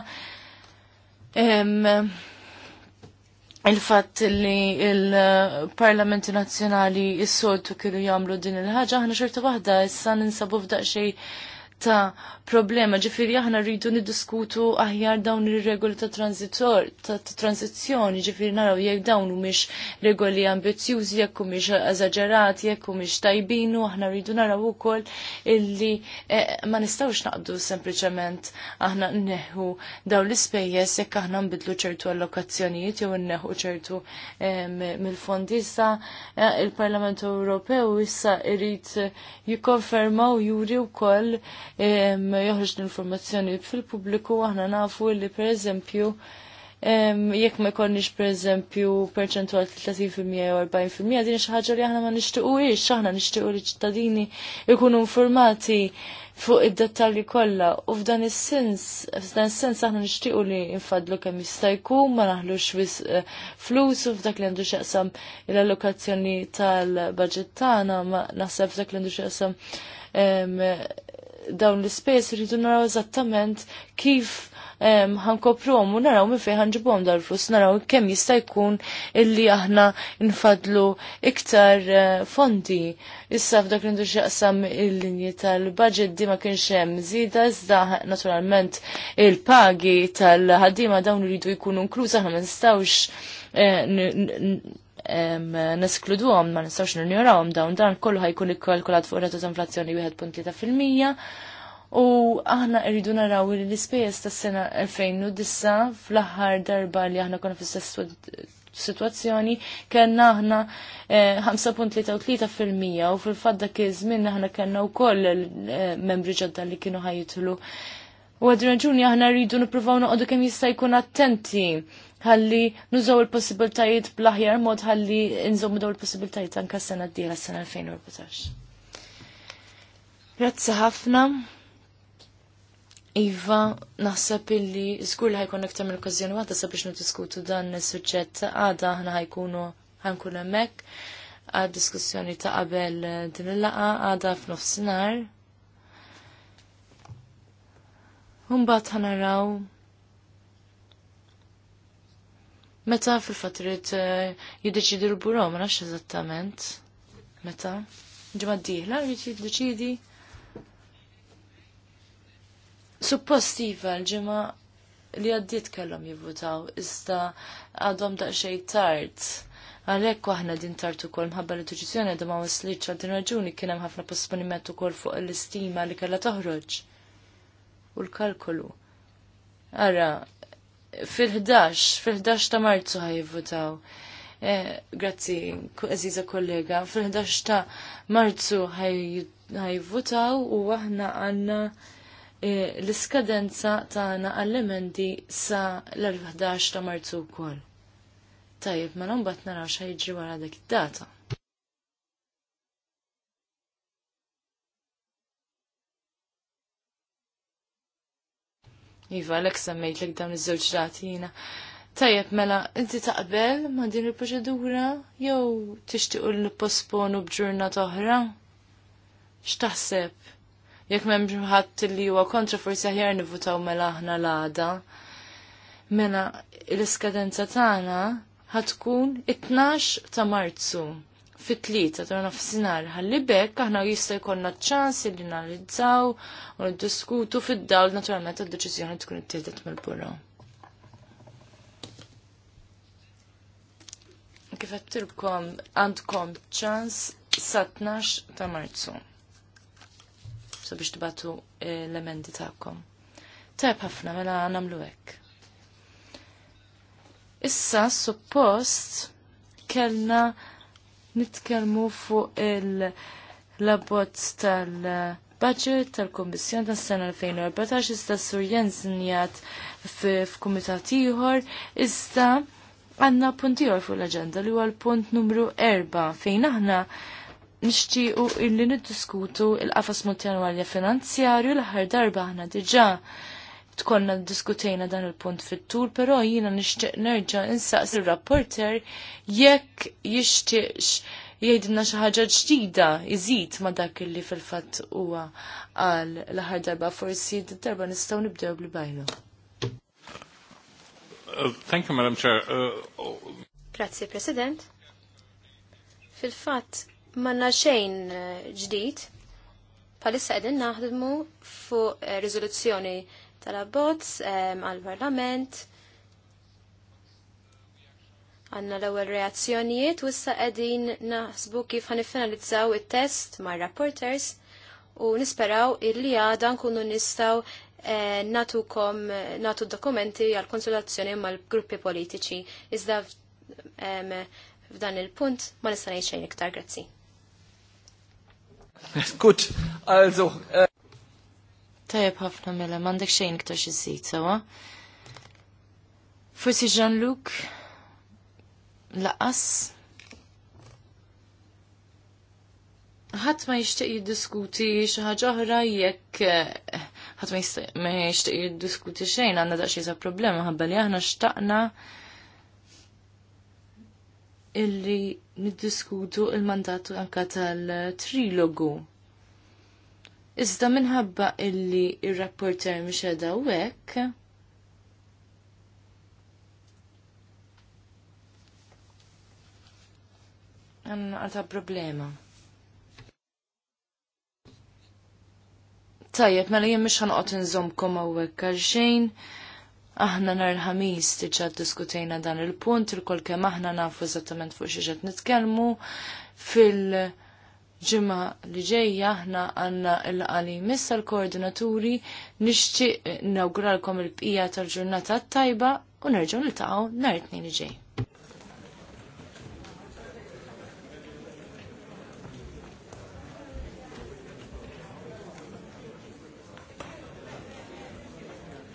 il-fatt li il-parlamenti nazjonali s-soltu kienu jamlu din il-ħagġa, aħna xorta waħda, issa ninsabu f'daqxej ta' problema. Ġifiri aħna rridu niddiskutu aħjar dawn ir-regoli ta' tranzitor, ta' transizzjoni, ġifiri naraw jekk dawn mhumiex regoli ambizjużi, jekk mhumiex eżaġerati, jekk tajbin u aħna rridu naraw ukoll illi e, ma nistgħux naqbdu sempliċement aħna nneħħu dawn l-ispejjeż jekk aħna nbidlu ċertu allokazzjonijiet jew nneħħu ċertu e, mill-fondi issa e, il-Parlament Ewropew issa irid jikkonfermaw juri wkoll joħroġ l-informazzjoni fil-pubbliku aħna nafu li pereżempju jekk ma jkollniex pereżempju perċentwal 30% jew 40% din xi ħaġa li aħna ma nixtiequhiex, aħna nixtiequ li ċittadini jkunu informati fuq id-dettalji kollha u f'dan is-sens f'dan is-sens aħna nixtiequ li nfadlu kemm jista' jkun ma naħlux wis eh, flus u f'dak li għandu x'jaqsam l-allokazzjoni tal-baġġett tagħna ma naħseb f'dak li għandu x'jaqsam dawn l-ispejjeż rridu naraw eżattament kif ħankoprom u naraw minn fejn ħanġibhom dal-flus, naraw kemm jista' jkun illi aħna nfadlu iktar eh, fondi. Issa f'dak li xaqsam il-linji tal-budget di ma kienx hemm żieda iżda naturalment il-pagi tal-ħaddiema dawn iridu jkunu inkluż aħna ma nistgħux eh, neskluduhom ma nistgħux għom dawn dan kollu ħajkun ikkalkulat fuq rata ta' inflazzjoni 1.3 U aħna rridu naraw li l-ispejjeż tas-sena 2009 fl-aħħar darba li aħna konna fis situazzjoni kellna aħna 5.3% eh, u fil-fatt dak iż-żmien aħna kellna wkoll eh, membri ġodda li kienu ħajjitlu. U għad aħna rridu nippruvaw noqogħdu kemm jista' jkun attenti ħalli nużaw il-possibiltajiet bl-aħjar mod ħalli nżomm daw il-possibiltajiet anka s-sena d dira s-sena 2014. Grazzi ħafna. Iva, naħseb illi żgur li ħajkun iktar mill okkażjoni waħda sabiex niddiskutu dan is-suġġett għadha aħna ħajkunu ħankun hemmhekk għad diskussjoni ta' qabel din il-laqa għadha f'nofsinhar. Mbagħad ħanaraw Meta fil fatrit eh, jiddeċidi l-buro, ma nafx eżattament. Meta? Ġimgħa d-dieħla jrid jiddeċidi. Suppost iva, l-ġimgħa li għaddiet kellhom jivvutaw, iżda għadhom daqsxejn tard. Għalhekk aħna din tartu kol mħabba li deċiżjoni għadhom għaw waslitx għal din raġuni kien hemm ħafna posponiment ukoll fuq l-istima li kellha toħroġ. U l-kalkolu. Ara, fil-11, fil-11 ta' marzu ħajvotaw. Eh, grazzi, eżiza kollega, fil-11 ta' marzu ħajvotaw u aħna għanna eh, l-iskadenza tagħna għall-emendi sa l-11 ta' marzu wkoll. Tajib, ma non bat narax ħajġri wara dik id-data. Iva, l-ek semmejt l dawn iż-żewġ ratina. Tajjeb, mela, inti taqbel ma din il-proċedura jew u l-posponu bġurnat oħra? X'taħseb? Jekk m'hemm ħadd li huwa kontra forsi aħjar nivutaw mela aħna l-għada. Mela, l-iskadenza tagħna ħatkun it-12 ta' Marzu fit-tlieta ta' nofsinhar ħalli bekk aħna jista' jkollna ċans li nanalizzaw u niddiskutu fid-dawl naturalment id-deċiżjoni tkun ittieħdet mill bura Kif qed tilkom għandkom ċans sa 12 ta' Marzu sabiex tibatu eh, l-emendi tagħkom. Tajb ħafna mela nagħmlu hekk. Issa suppost kellna nitkellmu fuq il labot tal-budget tal-Kommissjon tas-sena 2014 iżda Sur Jensen jgħat f'kumitat ieħor iżda għandna punt ieħor fuq l-aġenda li huwa l-punt numru 4 fejn aħna nixtiequ illi niddiskutu il-qafas multjanwalja finanzjarju l-aħħar darba aħna diġà tkonna diskutejna dan il-punt fit-tul, però jina nixtieq nerġa' insaqs ir-rapporter jekk jishtiqx jgħidilna xi ħaġa ġdida iżid ma dak li fil-fatt huwa għal l-aħħar darba forsi darba nistgħu nibdew bli bajlu. Uh, thank you, Madam Chair. Uh, Grazie, President. Fil-fatt, manna xejn uh, ġdid, palissa qegħdin naħdmu fuq riżoluzzjoni tal-abbozz għal-parlament. Għanna l-ewwel reazzjonijiet u issa qegħdin naħsbu kif ħanifinalizzaw it-test mar-rapporters u nisperaw illi għada nkunu nistaw eh, natukom natu dokumenti għal konsultazzjoni mal-gruppi politiċi. Iżda f'dan il-punt ma nista' ngħid xejn iktar grazzi. Gut, also. Eh, Tajab ħafna mela, mandek xejn iktar żid, sewa. Forsi Jean-Luc laqas ħadd ma jixtieq jiddiskuti xi ħaġa oħra jekk eh, ħadd ma jixtieq jiddiskuti xejn għandna daqsxejn sa problema ħabba li aħna xtaqna illi niddiskutu il-mandatu anka tal-trilogu Iżda minħabba illi il rapporter mhux qiegħda hekk, għanna għata problema. Tajjeb, mela jien mhux ħanqot inżomkom hawnhekk għal xejn. Aħna nar ħamis diġà diskutejna dan il-punt, il-kol kemm aħna nafu eżattament fuq xi ġed nitkellmu fil- ġimma li ġejja aħna għanna il għali missa l-koordinaturi nixtieq nawguralkom il-bqija tal-ġurnata t tajba u nerġgħu niltaqgħu nhar nartni li ġej.